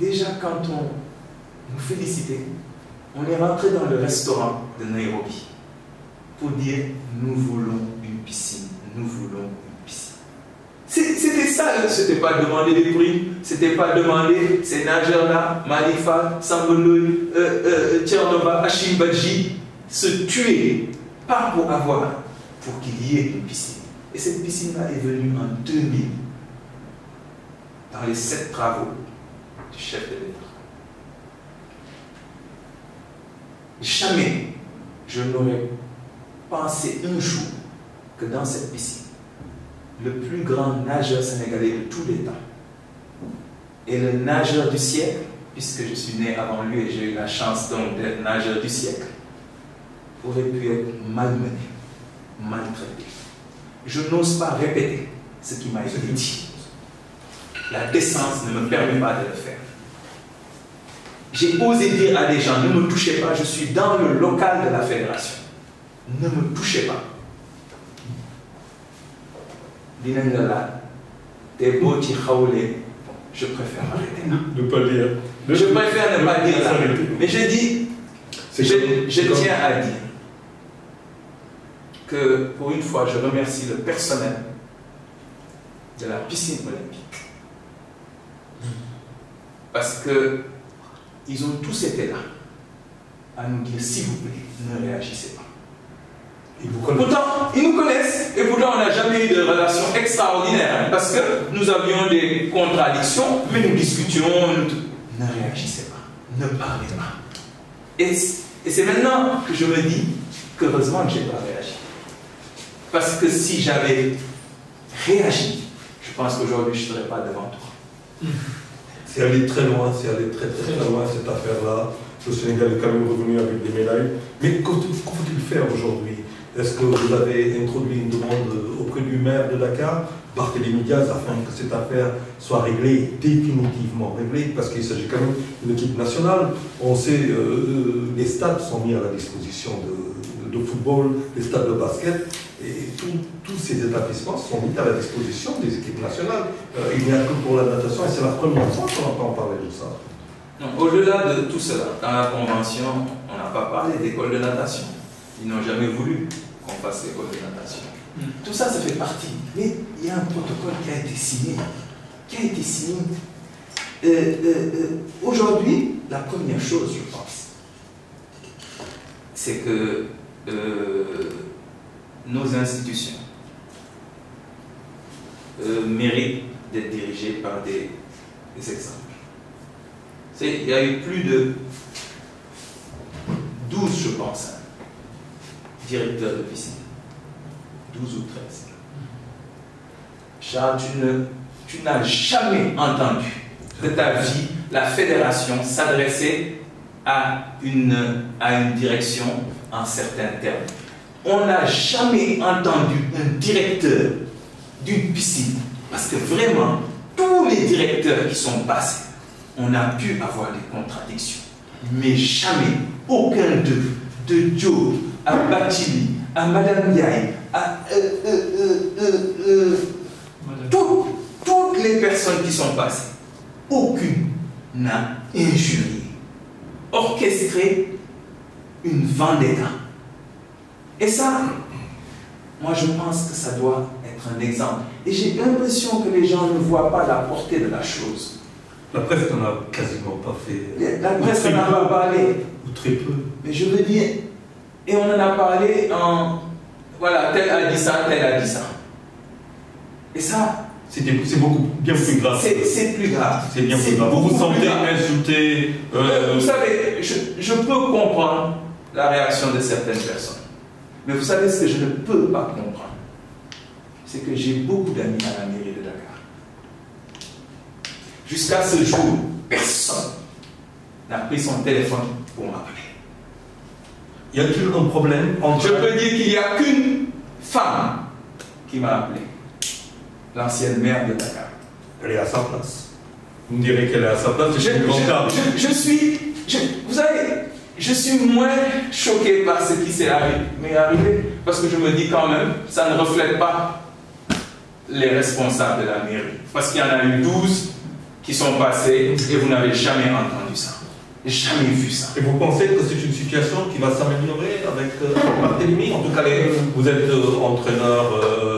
déjà quand on nous félicitait, on est rentré dans le restaurant de Nairobi pour dire nous voulons une piscine, nous voulons une piscine. C'était ça, hein. c'était pas demander des prix, c'était pas demander ces nageurs-là, Malifa, Samboloy, euh, euh, euh, Tchernoba, se tuer, pas pour avoir, pour qu'il y ait une piscine. Et cette piscine-là est venue en 2000 dans les sept travaux du chef de l'État. Jamais je n'aurais pensé un jour que dans cette piscine, le plus grand nageur sénégalais de tous les temps et le nageur du siècle, puisque je suis né avant lui et j'ai eu la chance donc d'être nageur du siècle, aurait pu être malmené, maltraité. Je n'ose pas répéter ce qui m'a été dit la décence ne me permet pas de le faire. J'ai osé dire à des gens, ne me touchez pas, je suis dans le local de la fédération. Ne me touchez pas. Je préfère arrêter. Ne pas dire. Je préfère ne pas dire ça. Mais je dis, je tiens à dire que pour une fois, je remercie le personnel de la piscine olympique parce que ils ont tous été là à nous dire s'il vous plaît, ne réagissez pas. Ils vous Pourtant, ils nous connaissent et pourtant on n'a jamais eu de relation extraordinaire hein, parce que nous avions des contradictions, mais nous discutions. Ne réagissez pas, ne parlez pas. Et, c'est maintenant que je me dis qu'heureusement que je n'ai pas réagi. Parce que si j'avais réagi, je pense qu'aujourd'hui je ne serais pas devant toi. C'est allé très loin, c'est allé très très loin cette affaire-là. Le Sénégal est quand même revenu avec des médailles. Mais qu'il faut-il faire aujourd'hui Est-ce que vous avez introduit une demande auprès du maire de Dakar, Barthélémy Diaz, afin que cette affaire soit réglée, définitivement réglée, parce qu'il s'agit quand même d'une équipe nationale. On sait, euh, euh, les stades sont mis à la disposition de, de football, les stades de basket. Et tous ces établissements sont mis à la disposition des équipes nationales. Euh, il n'y a que pour la natation, et c'est la première fois qu'on entend parler de ça. Au-delà de tout cela, dans la convention, on n'a pas parlé d'école de natation. Ils n'ont jamais voulu qu'on fasse école de natation. Hmm. Tout ça, ça fait partie. Mais il y a un protocole qui a été signé. Qui a été signé. Euh, euh, aujourd'hui, la première chose, je pense, c'est que nos institutions euh, méritent d'être dirigées par des, exemples. Il y a eu plus de 12, je pense, directeurs de piscine. 12 ou 13. Charles, tu n'as jamais entendu de ta vie la fédération s'adresser à une direction en certains termes on n'a jamais entendu un directeur d'une piscine, parce que vraiment, tous les directeurs qui sont passés, on a pu avoir des contradictions. Mais jamais, aucun d'eux, de Joe à Batili, à Madame Yaye, à... Euh, euh, euh, toutes, toutes les personnes qui sont passées, aucune n'a injurié, orchestré une vendetta et ça, moi je pense que ça doit être un exemple. Et j'ai l'impression que les gens ne voient pas la portée de la chose. La presse n'en a quasiment pas fait. La presse n'en a parlé. Ou très peu. Mais je veux dire, et on en a parlé en. Voilà, tel a dit ça, tel a dit ça. Et ça. C'est beaucoup bien plus grave. C'est plus grave. C'est bien plus grave. Vous vous sentez insulté. Euh, vous savez, je peux comprendre la réaction de certaines personnes. Mais vous savez ce que je ne peux pas comprendre C'est que j'ai beaucoup d'amis à la mairie de Dakar. Jusqu'à ce jour, personne n'a pris son téléphone pour m'appeler. Y a-t-il un problème entre... Je peux dire qu'il n'y a qu'une femme qui m'a appelé, l'ancienne maire de Dakar. Elle est à sa place. Vous me direz qu'elle est à sa place, je, suis je, je suis... vous savez, je suis moins choqué par ce qui s'est arrivé, parce que je me dis quand même, ça ne reflète pas les responsables de la mairie. Parce qu'il y en a eu 12 qui sont passés et vous n'avez jamais entendu ça. Jamais vu ça. Et vous pensez que c'est une situation qui va s'améliorer avec euh, En tout cas, vous êtes euh, entraîneur. Euh,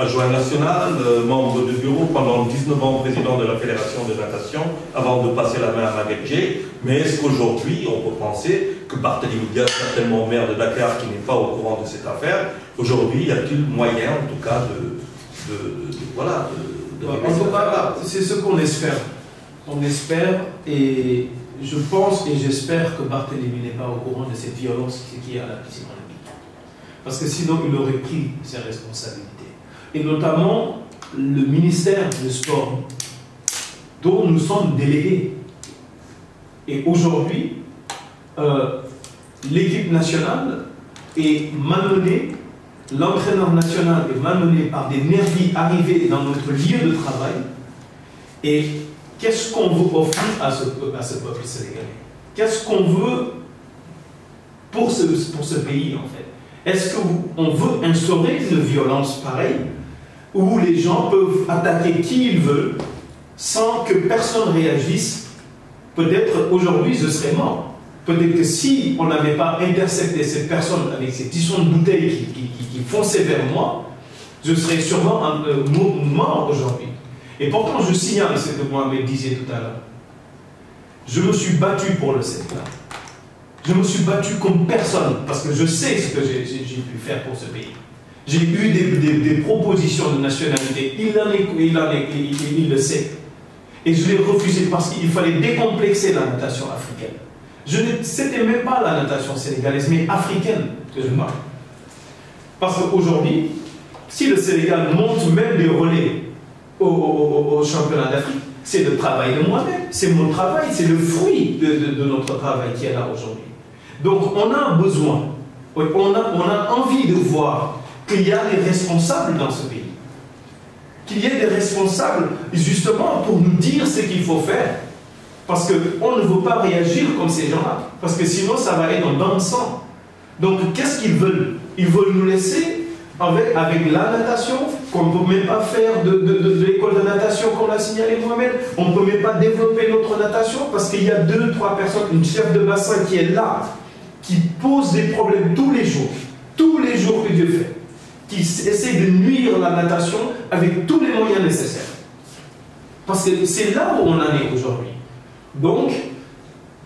adjoint national, euh, membre du bureau pendant 19 ans, président de la Fédération de natation, avant de passer la main à Maguettier. Mais est-ce qu'aujourd'hui, on peut penser que Barthélémy Diaz, certainement maire de Dakar, qui n'est pas au courant de cette affaire, aujourd'hui, y a-t-il moyen, en tout cas, de. de, de, voilà. C'est ce qu'on espère. On espère et je pense et j'espère que Barthélémy n'est pas au courant de cette violence qui est à la piscine Parce que sinon, il aurait pris ses responsabilités et notamment le ministère du Sport, dont nous sommes délégués. Et aujourd'hui, euh, l'équipe nationale est malmenée, l'entraîneur national est malmené par des nervis arrivés dans notre lieu de travail. Et qu'est-ce qu'on veut offrir à ce, à ce peuple sénégalais Qu'est-ce qu'on veut pour ce, pour ce pays, en fait Est-ce qu'on veut instaurer une violence pareille où les gens peuvent attaquer qui ils veulent sans que personne réagisse, peut-être aujourd'hui je serais mort. Peut-être que si on n'avait pas intercepté cette personne avec ces tissons de bouteille qui, qui, fonçaient vers moi, je serais sûrement euh, mort aujourd'hui. Et pourtant, je signale ce que Mohamed disait tout à l'heure. Je me suis battu pour le secteur. Je me suis battu comme personne parce que je sais ce que j'ai pu faire pour ce pays. J'ai eu des, propositions de nationalité. Il, en est, il, il, le sait. Et je l'ai refusé parce qu'il fallait décomplexer la natation africaine. Je C'était même pas la natation sénégalaise, mais africaine que je Parce qu'aujourd'hui, si le Sénégal monte même des relais au, au, championnat d'Afrique, c'est le travail de moi-même, c'est mon travail, c'est le fruit de, notre travail qui est là aujourd'hui. Donc on a besoin, on on a envie de voir qu'il y a des responsables dans ce pays. Qu'il y ait des responsables justement pour nous dire ce qu'il faut faire. Parce qu'on ne veut pas réagir comme ces gens-là. Parce que sinon, ça va aller dans le sang. Donc, qu'est-ce qu'ils veulent Ils veulent nous laisser avec, avec la natation, qu'on ne peut même pas faire de, de l'école de natation qu'on a signalé Mohamed. On ne peut même pas développer notre natation parce qu'il y a deux, trois personnes, une chef de bassin qui est là, qui pose des problèmes tous les jours. Tous les jours que Dieu fait qui essaie de nuire la natation avec tous les moyens nécessaires. Parce que c'est là où on en est aujourd'hui. Donc,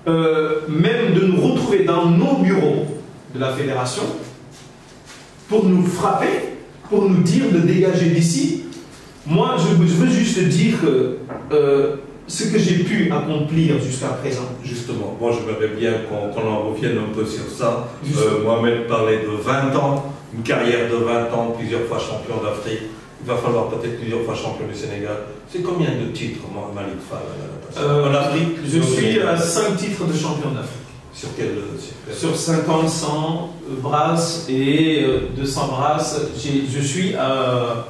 euh, même de nous retrouver dans nos bureaux de la fédération pour nous frapper, pour nous dire de dégager d'ici. Moi, je, veux juste dire que euh, ce que j'ai pu accomplir jusqu'à présent. Justement, moi je voudrais bien qu'on en revienne un peu sur ça. Euh, Mohamed parlait de 20 ans une carrière de 20 ans, plusieurs fois champion d'Afrique, il va falloir peut-être plusieurs fois champion du Sénégal. C'est combien de titres, Malik Fall euh, euh, En Afrique Je suis à 5 titres de champion d'Afrique. Sur quel euh, Sur 50, 100 brasses et 200 brasses. Je suis à,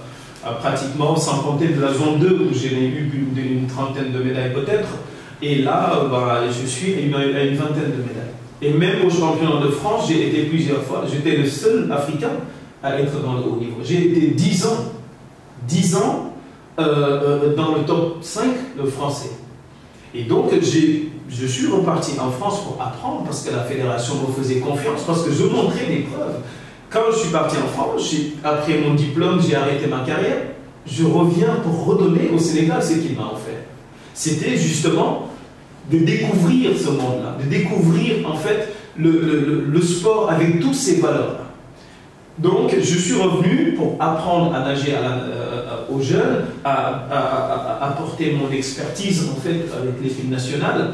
pratiquement, sans compter de la zone 2, où j'ai eu une, trentaine de médailles peut-être. Et là, bah, je suis à une vingtaine de médailles. Et même au championnats de France, j'ai été plusieurs fois. J'étais le seul Africain à être dans le haut niveau. J'ai été 10 ans, 10 ans euh, euh, dans le top 5 le français. Et donc, je suis reparti en France pour apprendre parce que la fédération me faisait confiance, parce que je montrais des preuves. Quand je suis parti en France, après mon diplôme, j'ai arrêté ma carrière. Je reviens pour redonner au Sénégal ce qu'il m'a offert. C'était justement de découvrir ce monde-là, de découvrir en fait le, sport avec toutes ses valeurs. Donc je suis revenu pour apprendre à nager euh, aux jeunes, à, apporter mon expertise en fait avec les films nationales.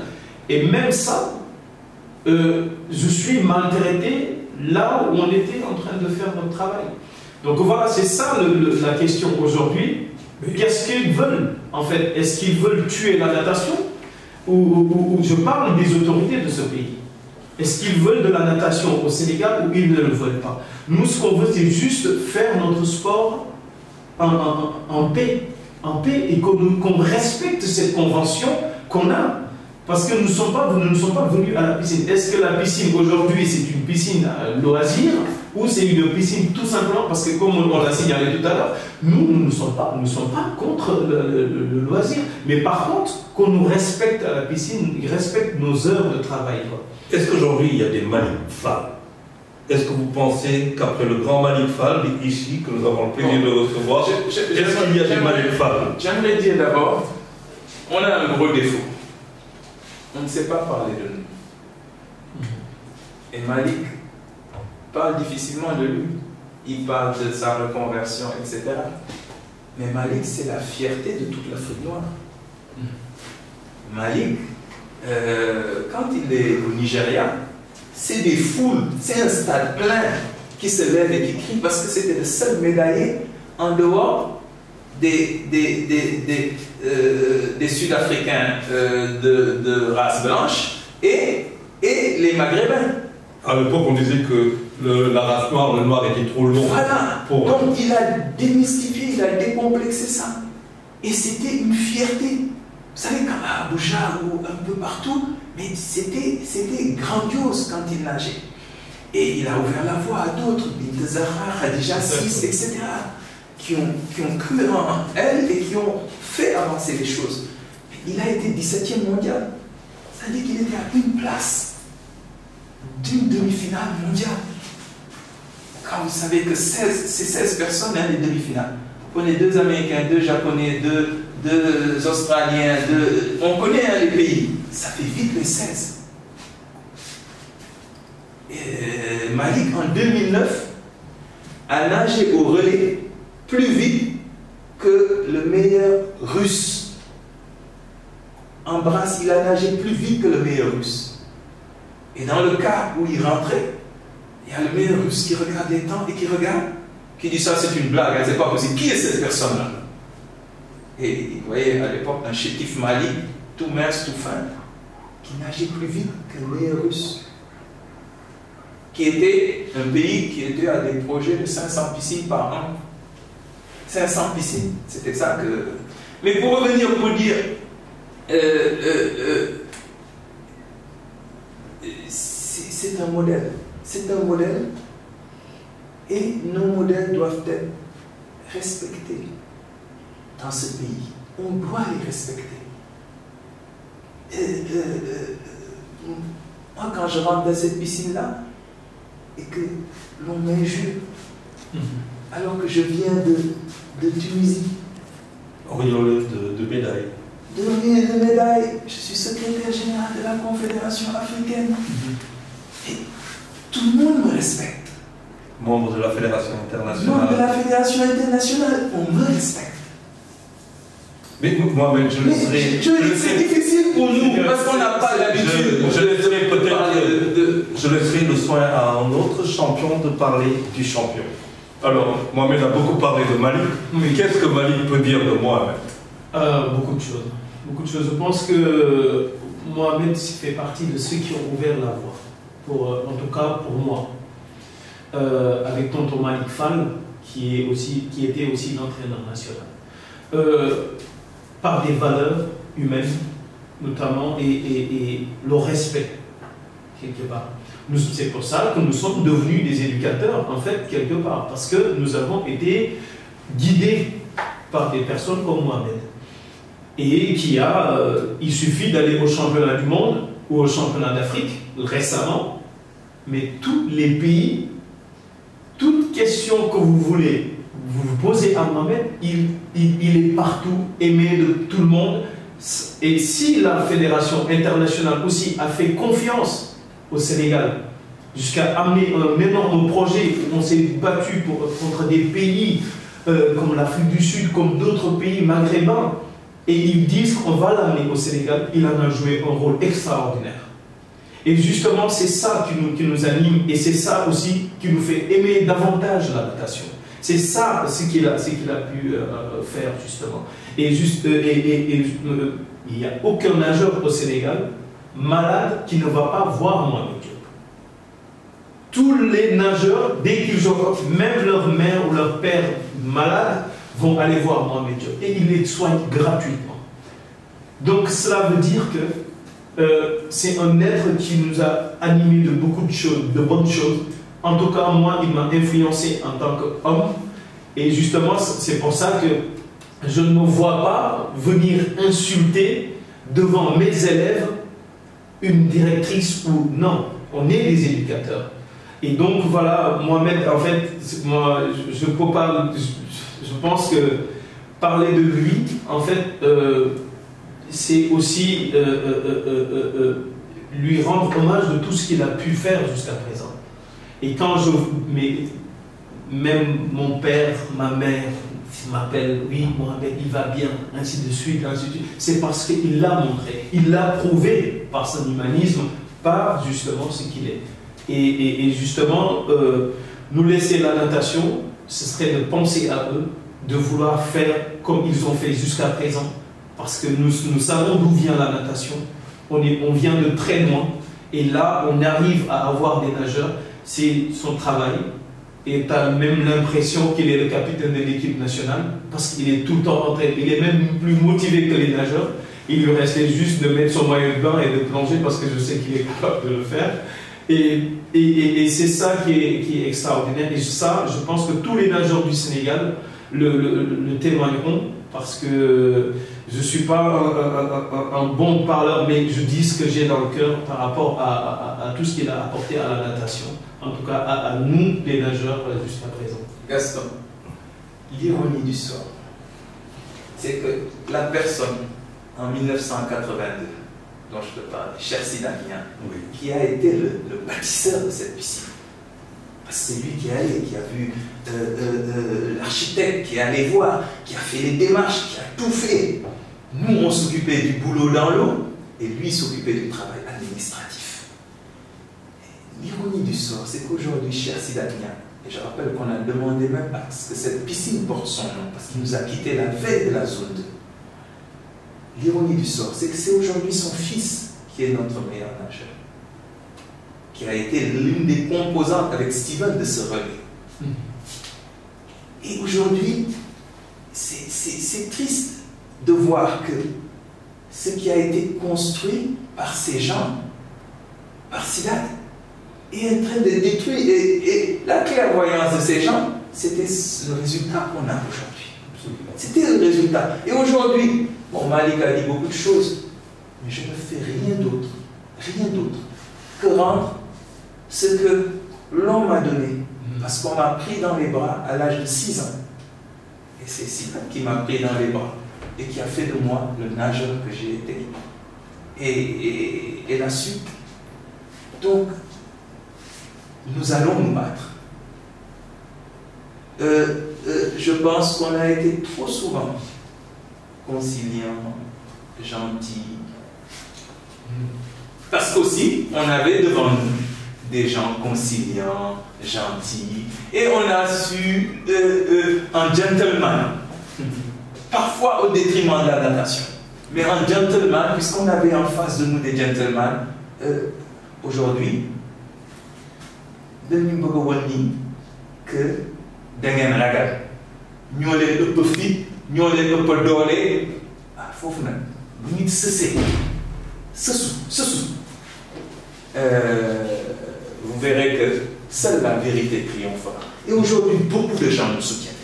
Et même ça, euh, je suis maltraité là où on était en train de faire notre travail. Donc voilà, c'est ça la question aujourd'hui. Qu'est-ce qu'ils veulent en fait Est-ce qu'ils veulent tuer la natation où, je parle des autorités de ce pays. Est-ce qu'ils veulent de la natation au Sénégal ou ils ne le veulent pas Nous, ce qu'on veut, c'est juste faire notre sport en, paix, en paix et qu'on respecte cette convention qu'on a. Parce que nous ne sommes pas, nous ne sommes pas venus à la piscine. Est-ce que la piscine aujourd'hui, c'est une piscine à euh, loisir ou c'est une piscine tout simplement parce que comme on, l'a signalé tout à l'heure, nous, nous ne sommes pas, contre le, loisir. Mais par contre, qu'on nous respecte à la piscine, respecte nos heures de travail. Est-ce qu'aujourd'hui, il y a des manifs est-ce que vous pensez qu'après le grand les ici, que nous avons le plaisir de recevoir, est-ce qu'il y a des J'aimerais dire d'abord, on a un gros défaut. On ne sait pas parler de nous. Et Malik parle difficilement de lui. Il parle de sa reconversion, etc. Mais Malik, c'est la fierté de toute l'Afrique noire. Mm. Malik, euh, quand il est au Nigeria, c'est des foules, c'est un stade plein qui se lève et qui crie parce que c'était le seul médaillé en dehors des, des, des, des, euh, Sud-Africains euh, de, de, race blanche et, et les Maghrébins. À l'époque, on disait que le, la race noire, le noir était trop long. Voilà. Donc il a démystifié, il a décomplexé ça. Et c'était une fierté. Vous savez, quand à Abuja ou un peu partout, mais c'était, grandiose quand il nageait. Et il a ouvert la voie à d'autres, Bint Zahra, Khadija 6, etc., qui ont, qui ont cru en elle et qui ont fait avancer les choses. Il a été 17e mondial. Ça dit dire qu'il était à une place d'une demi-finale mondiale vous savez que 16, ces 16 personnes, dans hein, les demi-finales, vous prenez deux Américains, deux Japonais, deux, deux Australiens, deux... on connaît hein, les pays, ça fait vite les 16. Euh, Malik, en 2009, a nagé au relais plus vite que le meilleur russe. En brasse, il a nagé plus vite que le meilleur russe. Et dans le cas où il rentrait, il y a le meilleur russe qui regarde les temps et qui regarde, qui dit ça c'est une blague, c'est pas possible. Qui est cette personne-là Et vous voyez, à l'époque, un chétif Mali, tout mince, tout fin, qui nageait plus vite que le meilleur russe, qui était un pays qui était à des projets de 500 piscines par an. 500 piscines, c'était ça que... Mais pour revenir, pour dire, euh, euh, euh, c'est un modèle. C'est un modèle et nos modèles doivent être respectés dans ce pays. On doit les respecter. Euh, euh, euh, moi, quand je rentre dans cette piscine-là et que l'on m'injure, mhm. alors que je viens de, de Tunisie, Auréole de, de médaille. De de médaille. Je suis secrétaire général de la Confédération africaine. Mhm. Tout le monde me respecte. Membre de la Fédération internationale. Membre de la Fédération internationale, on me respecte. Mais moi-même, je le serai. C'est difficile pour nous parce qu'on n'a pas l'habitude. Je, laisserai peut-être. De... Je le soin à un autre champion de parler du champion. Alors, Mohamed a beaucoup parlé de Mali, mais qu'est-ce que Mali peut dire de Mohamed hein? euh, Beaucoup de choses. Beaucoup de choses. Je pense que Mohamed fait partie de ceux qui ont ouvert la voie. Euh, en tout cas pour moi, euh, avec Tonton Malik fan qui, est aussi, qui était aussi l'entraîneur national. Euh, par des valeurs humaines, notamment, et, le respect, quelque part. C'est pour ça que nous sommes devenus des éducateurs, en fait, quelque part, parce que nous avons été guidés par des personnes comme Mohamed. Et qui a, il suffit d'aller au championnat du monde ou au championnat d'Afrique récemment, mais tous les pays, toute question que vous voulez, vous poser à Mohamed, il, il, est partout, aimé de tout le monde. Et si la Fédération internationale aussi a fait confiance au Sénégal, jusqu'à amener un énorme projet on s'est battu pour, contre des pays euh, comme l'Afrique du Sud, comme d'autres pays maghrébins, et ils disent qu'on va l'amener au Sénégal, il en a joué un rôle extraordinaire. Et justement, c'est ça qui nous, nous anime et c'est ça aussi qui nous fait aimer davantage l'adaptation. C'est ça ce qu'il a, a pu euh, faire justement. Et, juste, euh, euh, il n'y a aucun nageur au Sénégal malade qui ne va pas voir mon équipe. Tous les nageurs, dès qu'ils ont, même leur mère ou leur père malade, vont aller voir mon équipe. Et ils les soignent gratuitement. Donc cela veut dire que euh, c'est un être qui nous a animé de beaucoup de choses, de bonnes choses. En tout cas, moi, il m'a influencé en tant qu'homme. Et justement, c'est pour ça que je ne me vois pas venir insulter devant mes élèves une directrice ou non. On est des éducateurs. Et donc, voilà, Mohamed, en fait, moi, je, pas... je pense que parler de lui, en fait, euh, c'est aussi euh, euh, euh, lui rendre hommage de tout ce qu'il a pu faire jusqu'à présent. Et quand je. Mais, même mon père, ma mère m'appellent, oui, il va bien, ainsi de suite, ainsi de suite. C'est parce qu'il l'a montré, il l'a prouvé par son humanisme, par justement ce qu'il est. Et, justement, nous laisser la natation, ce serait de penser à eux, de vouloir faire comme ils ont fait jusqu'à présent, parce que nous, nous savons d'où vient la natation. On, est, on vient de très loin. Et là, on arrive à avoir des nageurs. C'est son travail. Et tu as même l'impression qu'il est le capitaine de l'équipe nationale parce qu'il est tout le temps en train. Il est même plus motivé que les nageurs. Il lui restait juste de mettre son maillot de bain et de plonger parce que je sais qu'il est capable de le faire. Et, et, c'est ça qui est, extraordinaire. Et ça, je pense que tous les nageurs du Sénégal le témoigneront parce que je ne suis pas un, bon parleur, mais je dis ce que j'ai dans le cœur par rapport à, tout ce qu'il a apporté à la natation, en tout cas à, nous, les nageurs, euh, jusqu'à présent. Gaston, l'ironie du sort, c'est que la personne, en 1982, dont je te parle, cher qui a été le, bâtisseur de cette piscine. C'est lui qui est allé, qui a vu euh, euh, l'architecte, qui est allé voir, qui a fait les démarches, qui a tout fait. Nous, on s'occupait du boulot dans l'eau, et lui s'occupait du travail administratif. L'ironie du sort, c'est qu'aujourd'hui, cher Sidania, et je rappelle qu'on a demandé même parce que cette piscine porte son nom, parce qu'il nous a quitté la veille de la zone 2. L'ironie du sort, c'est que c'est aujourd'hui son fils qui est notre meilleur nageur, qui a été l'une des composantes avec Steven de ce relais. Mmh. Et aujourd'hui, c'est triste de voir que ce qui a été construit par ces gens, par Sidat, est en train de détruire. Et, la clairvoyance de ces gens, c'était le résultat qu'on a aujourd'hui. C'était le résultat. Et aujourd'hui, bon, Malik a dit beaucoup de choses, mais je ne fais rien d'autre, rien d'autre que rendre ce que l'on m'a donné. Mm. Parce qu'on m'a pris dans les bras à l'âge de 6 ans. Et c'est Sidat qui m'a pris dans les bras et qui a fait de moi le nageur que j'ai été. Et, la suite. Donc, nous allons nous battre. Euh, euh, je pense qu'on a été trop souvent conciliant, gentil. Parce qu'aussi, on avait devant nous des gens conciliants, gentils, et on a su euh, un gentleman. *laughs* parfois au détriment de la nation. Mais en gentleman, puisqu'on avait en face de nous des gentlemen, euh, aujourd'hui, de bëgg que Dengen ragal ñoo leen ëpp fit ñoo leen ëpp doole ah c'est euh, vous verrez que seule la vérité triomphera et aujourd'hui beaucoup de gens nous soutiennent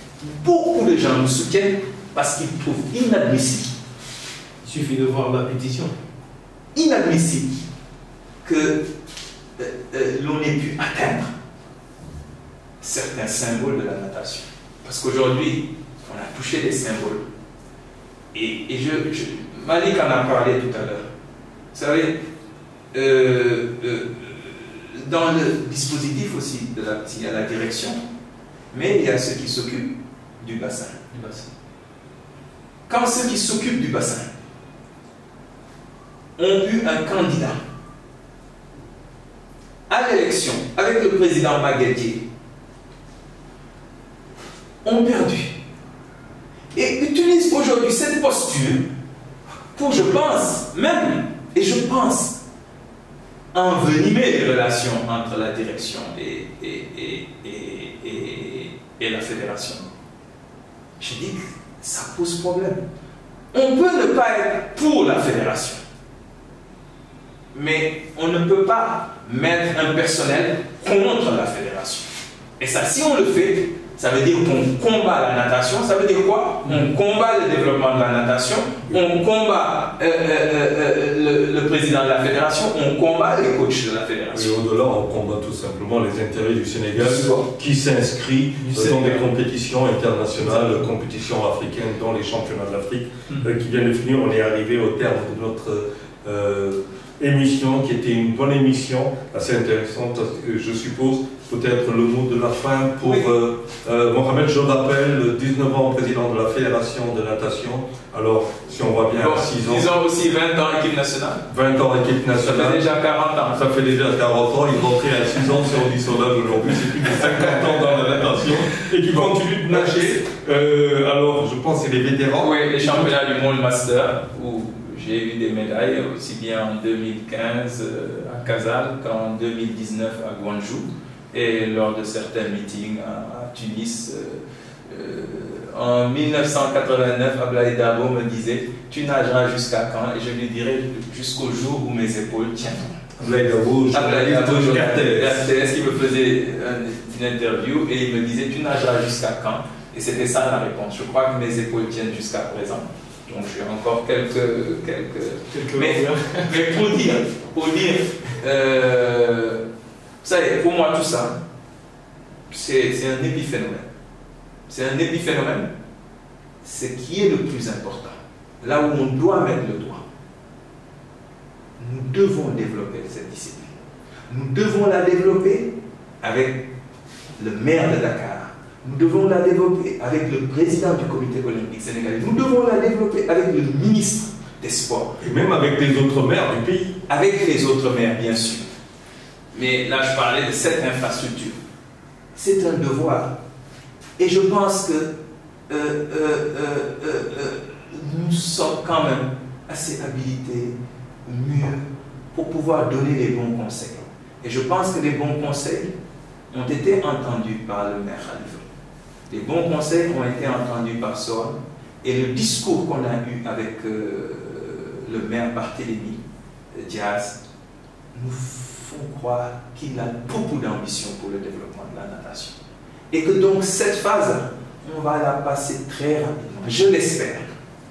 beaucoup de gens nous soutiennent parce qu'il trouve inadmissible, il suffit de voir la pétition, inadmissible que euh, euh, l'on ait pu atteindre certains symboles de la natation. Parce qu'aujourd'hui, on a touché des symboles. Et, je, Malik en a parlé tout à l'heure. Vous savez, euh, dans le dispositif aussi de il y a la direction, mais il y a ceux qui s'occupent du bassin. Du bassin quand ceux qui s'occupent du bassin ont eu un candidat à l'élection avec le président Magadier, ont perdu et utilisent aujourd'hui cette posture pour, je pense, même, et je pense, envenimer les relations entre la direction et, et, et la fédération. Je dis ça pose problème. On peut ne pas être pour la fédération, mais on ne peut pas mettre un personnel contre la fédération. Et ça, si on le fait, ça veut dire qu'on combat la natation. Ça veut dire quoi On mm. combat le développement de la natation. On combat euh, euh, euh, le, président de la fédération. On combat les coachs de la fédération. Et au-delà, on combat tout simplement les intérêts du Sénégal qui s'inscrit dans des compétitions internationales, compétitions africaines, dans les championnats de l'Afrique mm. qui viennent de finir. On est arrivé au terme de notre émission qui était une bonne émission, assez intéressante, je suppose peut-être le mot de la fin pour euh, euh, Mohamed, je 19 ans président de la Fédération de natation. Alors, si on voit bien, 6 ans. Ils ont aussi, 20 ans équipe nationale. 20 ans équipe nationale. Ça fait déjà 40 ans. Ça fait déjà 40 ans. Il rentrait à 6 ans sur Audissonnage aujourd'hui. C'est plus de 50 ans dans la natation. Et qui continue de nager. Euh, alors, je pense que c'est les vétérans. Oui, les championnats du monde master. Où j'ai eu des médailles aussi bien en 2015 à Casal qu'en 2019 à Guangzhou et lors de certains meetings à, Tunis. Euh, euh, en 1989, Ablaï Dabo me disait Tu nageras jusqu'à quand Et je lui dirais Jusqu'au jour où mes épaules tiendront. Ablaï Dabo, RTS, qui me faisait une interview et il me disait Tu nageras jusqu'à quand Et c'était ça la réponse. Je crois que mes épaules tiennent jusqu'à présent. Donc j'ai encore quelques. quelques... quelques mais, mais, pour dire, pour dire euh, ça pour moi, tout ça, c'est un épiphénomène. C'est un épiphénomène. C'est qui est le plus important, là où on doit mettre le doigt, nous devons développer cette discipline. Nous devons la développer avec le maire de Dakar. Nous devons la développer avec le président du comité olympique sénégalais. Nous devons la développer avec le ministre des Sports. Et même avec les autres maires du pays. Avec les autres maires, bien sûr. Mais là, je parlais de cette infrastructure. C'est un devoir. Et je pense que euh, euh, euh, nous sommes quand même assez habilités, mûrs, pour pouvoir donner les bons conseils. Et je pense que les bons conseils ont été entendus par le maire Khalifa. Les bons conseils ont été entendus par Sol, Et le discours qu'on a eu avec le maire Barthélémy Diaz nous croire qu'il a beaucoup d'ambition pour le développement de la natation. Et que donc cette phase, on va la passer très rapidement. Je l'espère,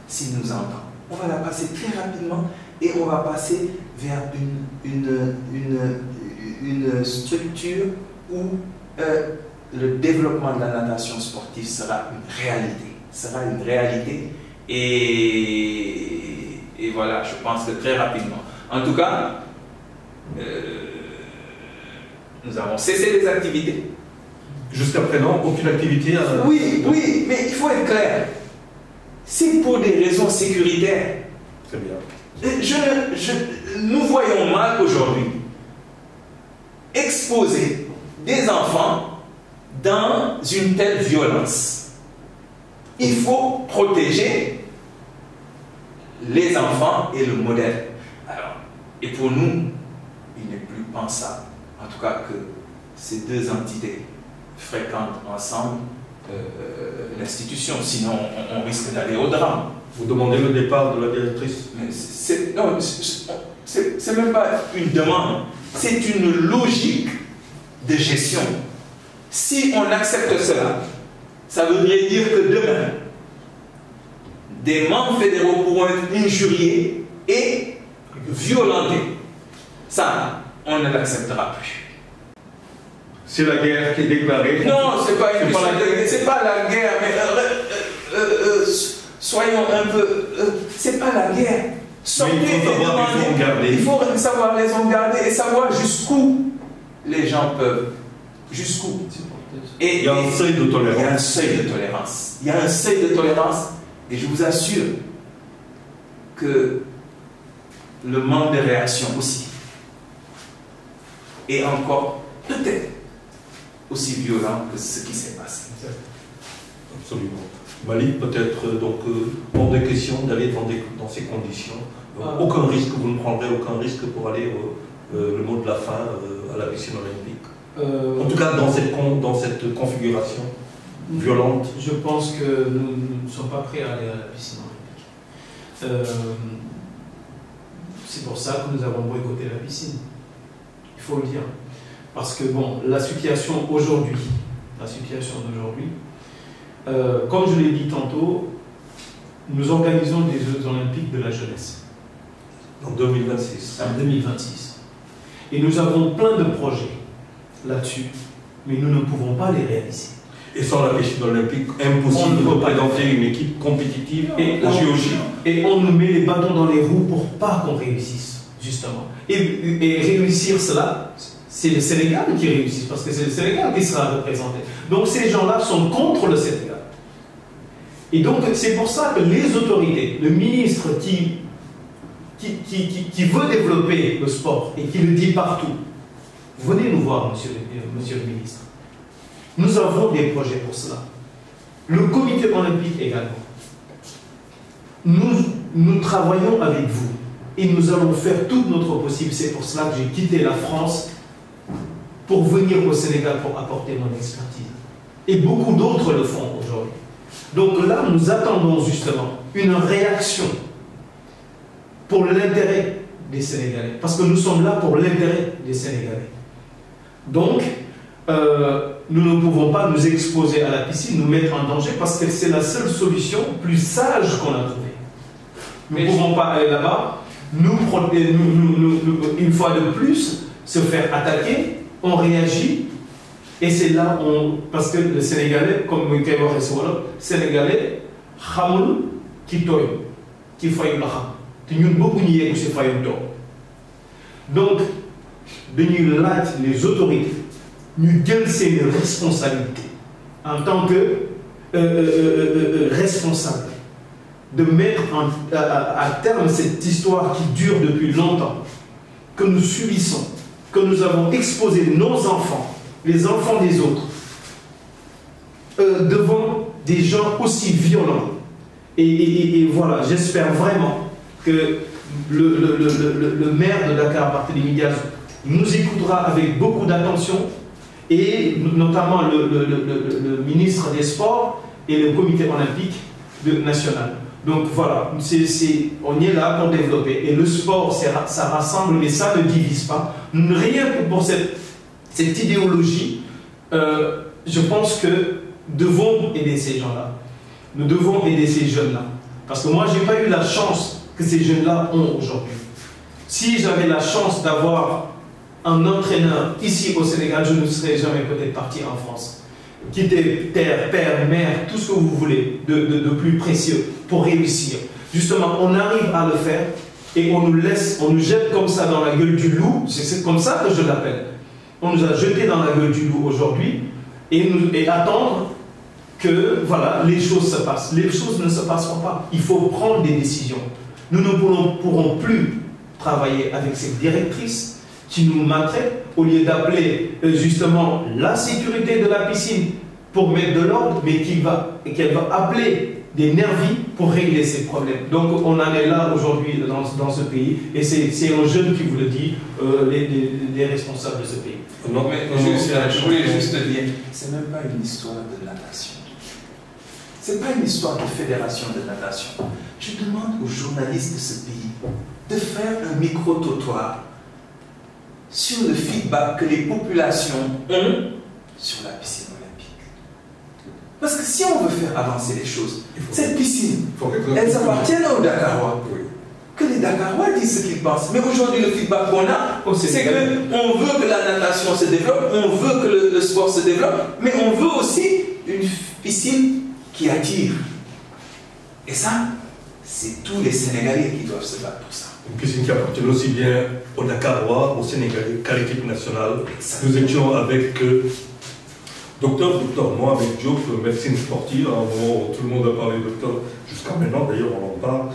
s'il nous entend. On va la passer très rapidement et on va passer vers une, une, une, une structure où euh, le développement de la natation sportive sera une réalité. Sera une réalité. Et, voilà, je pense que très rapidement. En tout cas, euh, nous avons cessé les activités. Jusqu'à présent, aucune activité. Euh, oui, oui, mais il faut être clair. C'est pour des raisons sécuritaires. Très bien. nous voyons mal aujourd'hui exposer des enfants dans une telle violence. Il faut protéger les enfants et le modèle. Alors, et pour nous, il n'est plus pensable en tout cas que ces deux entités fréquentent ensemble euh, euh, l'institution, sinon on, risque d'aller au drame. Vous demandez le départ de la directrice c'est, Non, c'est même pas une demande, c'est une logique de gestion. Si on accepte cela, ça voudrait dire que demain, des membres fédéraux pourront être injuriés et violentés. Ça, on ne l'acceptera plus. C'est la guerre qui est déclarée Non, c'est pas, pas, la... guerre, mais euh, euh, euh, soyons un peu. c'est pas la guerre. il faut, savoir les il faut savoir les garder et savoir jusqu'où les gens peuvent. Jusqu'où et, il y seuil de tolérance. Il y a un seuil de tolérance. Il y a un seuil de tolérance. Et je vous assure que le manque de réaction aussi et encore peut-être aussi violent que ce qui s'est passé. Absolument. Mali, peut-être euh, donc pour euh, des questions, d'aller dans, dans, ces conditions. Euh, ah. Aucun risque, vous ne prendrez aucun risque pour aller le mot de la fin à la piscine olympique. en tout cas, dans cette, dans cette configuration violente. Je pense que nous, ne sommes pas prêts à aller à la piscine olympique. C'est pour ça que nous avons boycotté la piscine. Il faut le dire. Parce que bon, la situation aujourd'hui, la situation d'aujourd'hui, euh, comme je l'ai dit tantôt, nous organisons des Jeux Olympiques de la jeunesse. En 2026. 2026. Et nous avons plein de projets là-dessus, mais nous ne pouvons pas les réaliser. Et sans la réussite olympique, impossible de représenter une équipe compétitive et, en, et on nous met les bâtons dans les roues pour pas qu'on réussisse. Justement. Et, réussir cela, c'est le Sénégal qui réussit, parce que c'est le Sénégal qui sera représenté. Donc ces gens-là sont contre le Sénégal. Et donc c'est pour ça que les autorités, le ministre qui veut développer le sport et qui le dit partout, venez nous voir, monsieur, euh, monsieur le ministre. Nous avons des projets pour cela. Le comité olympique également. Nous, nous travaillons avec vous et nous allons faire tout notre possible. C'est pour cela que j'ai quitté la France pour venir au Sénégal pour apporter mon expertise. Et beaucoup d'autres le font aujourd'hui. Donc là, nous attendons justement une réaction pour l'intérêt des Sénégalais. Parce que nous sommes là pour l'intérêt des Sénégalais. Donc, euh, nous ne pouvons pas nous exposer à la piscine, nous mettre en danger, parce que c'est la seule solution plus sage qu'on a trouvée. Nous ne pouvons pas aller là-bas nous, une fois de plus, se faire attaquer, on réagit. Et c'est là parce que le Sénégalais, comme vous l'avez Sénégalais, le qui toye, qui fayu la nous sommes ñun beaucoup ñi Donc, dañuy là les autorités nous jël ces responsabilités en tant que euh, euh, euh, euh responsable de mettre à, terme cette histoire qui dure depuis longtemps, que nous subissons, que nous avons exposé nos enfants, les enfants des autres, euh, devant des gens aussi violents. Et, voilà, j'espère vraiment que le, maire de Dakar, Barthélémy Diaz, nous écoutera avec beaucoup d'attention, et notamment le ministre des Sports et le comité olympique national. Donc voilà, on est là pour développer. Et le sport, ça rassemble, mais ça ne divise pas. Rien que pour cette, idéologie, euh, je pense que devons aider ces gens-là. Nous devons aider ces jeunes-là. Parce que moi, je n'ai pas eu la chance que ces jeunes-là ont aujourd'hui. Si j'avais la chance d'avoir un entraîneur ici au Sénégal, je ne serais jamais peut-être parti en France. Quitter terre, père, mère, tout ce que vous voulez de plus précieux pour réussir. Justement, on arrive à le faire et on nous laisse, on nous jette comme ça dans la gueule du loup, c'est comme ça que je l'appelle. On nous a jeté dans la gueule du loup aujourd'hui et, attendre que voilà, les choses se passent. Les choses ne se passeront pas. Il faut prendre des décisions. Nous ne pourrons, plus travailler avec cette directrice qui nous maltraite au lieu d'appeler euh, justement la sécurité de la piscine pour mettre de l'ordre, mais qui va, qu'elle va appeler des pour régler ces problèmes. Donc on en est là aujourd'hui dans, ce pays et c'est un jeune qui vous le dit, euh, les, responsables de ce pays. Non, mais je voulais juste dire, c'est même pas une histoire de la natation. C'est pas une histoire de fédération de la nation. Je demande aux journalistes de ce pays de faire un micro totoir sur le feedback que les populations ont hein? sur la piscine. Parce que si on veut faire avancer les choses, cette piscine, elle appartient aux Dakarois. Que les Dakarois disent ce qu'ils pensent. Mais aujourd'hui, le feedback qu'on a, c'est qu'on veut que la natation se développe, on veut que le, sport se développe, mais on veut aussi une piscine qui attire. Et ça, c'est tous les Sénégalais qui doivent se battre pour ça. Une piscine qui appartient aussi bien aux Dakarois, aux Sénégalais qu'à l'équipe nationale. Nous étions avec. Euh, Docteur, docteur, moi avec Joe, médecine sportive, hein, tout le monde a parlé docteur, jusqu'à maintenant d'ailleurs on en parle,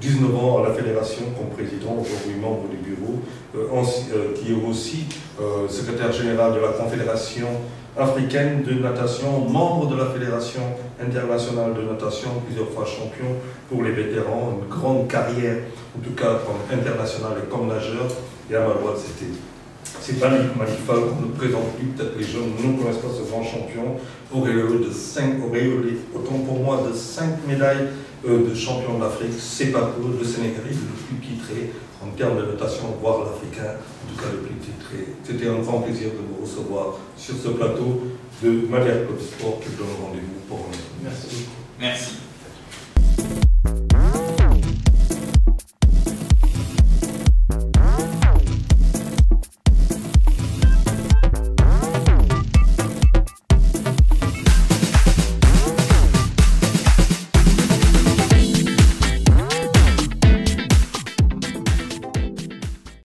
19 euh, ans à la fédération comme président, aujourd'hui membre du bureau, euh, euh, qui est aussi secrétaire général de la Confédération africaine de natation, membre de la Fédération internationale de natation, plusieurs fois champion pour les vétérans, une grande carrière, en tout cas comme international et comme nageur, et à ma droite c'était c'est pas malifal, qu'on ne présente plus, peut-être les jeunes ne connaissent pas ce grand champion, auréolé de 5, auréolé, autant pour moi, de 5 médailles euh, de champion d'Afrique, c'est pas pour le Sénégalais le plus titré en termes de notation, voire l'Africain, en tout cas le plus titré. C'était un grand plaisir de vous recevoir sur ce plateau de Malière Club Sport qui donne rendez-vous pour nous. Merci beaucoup. Merci.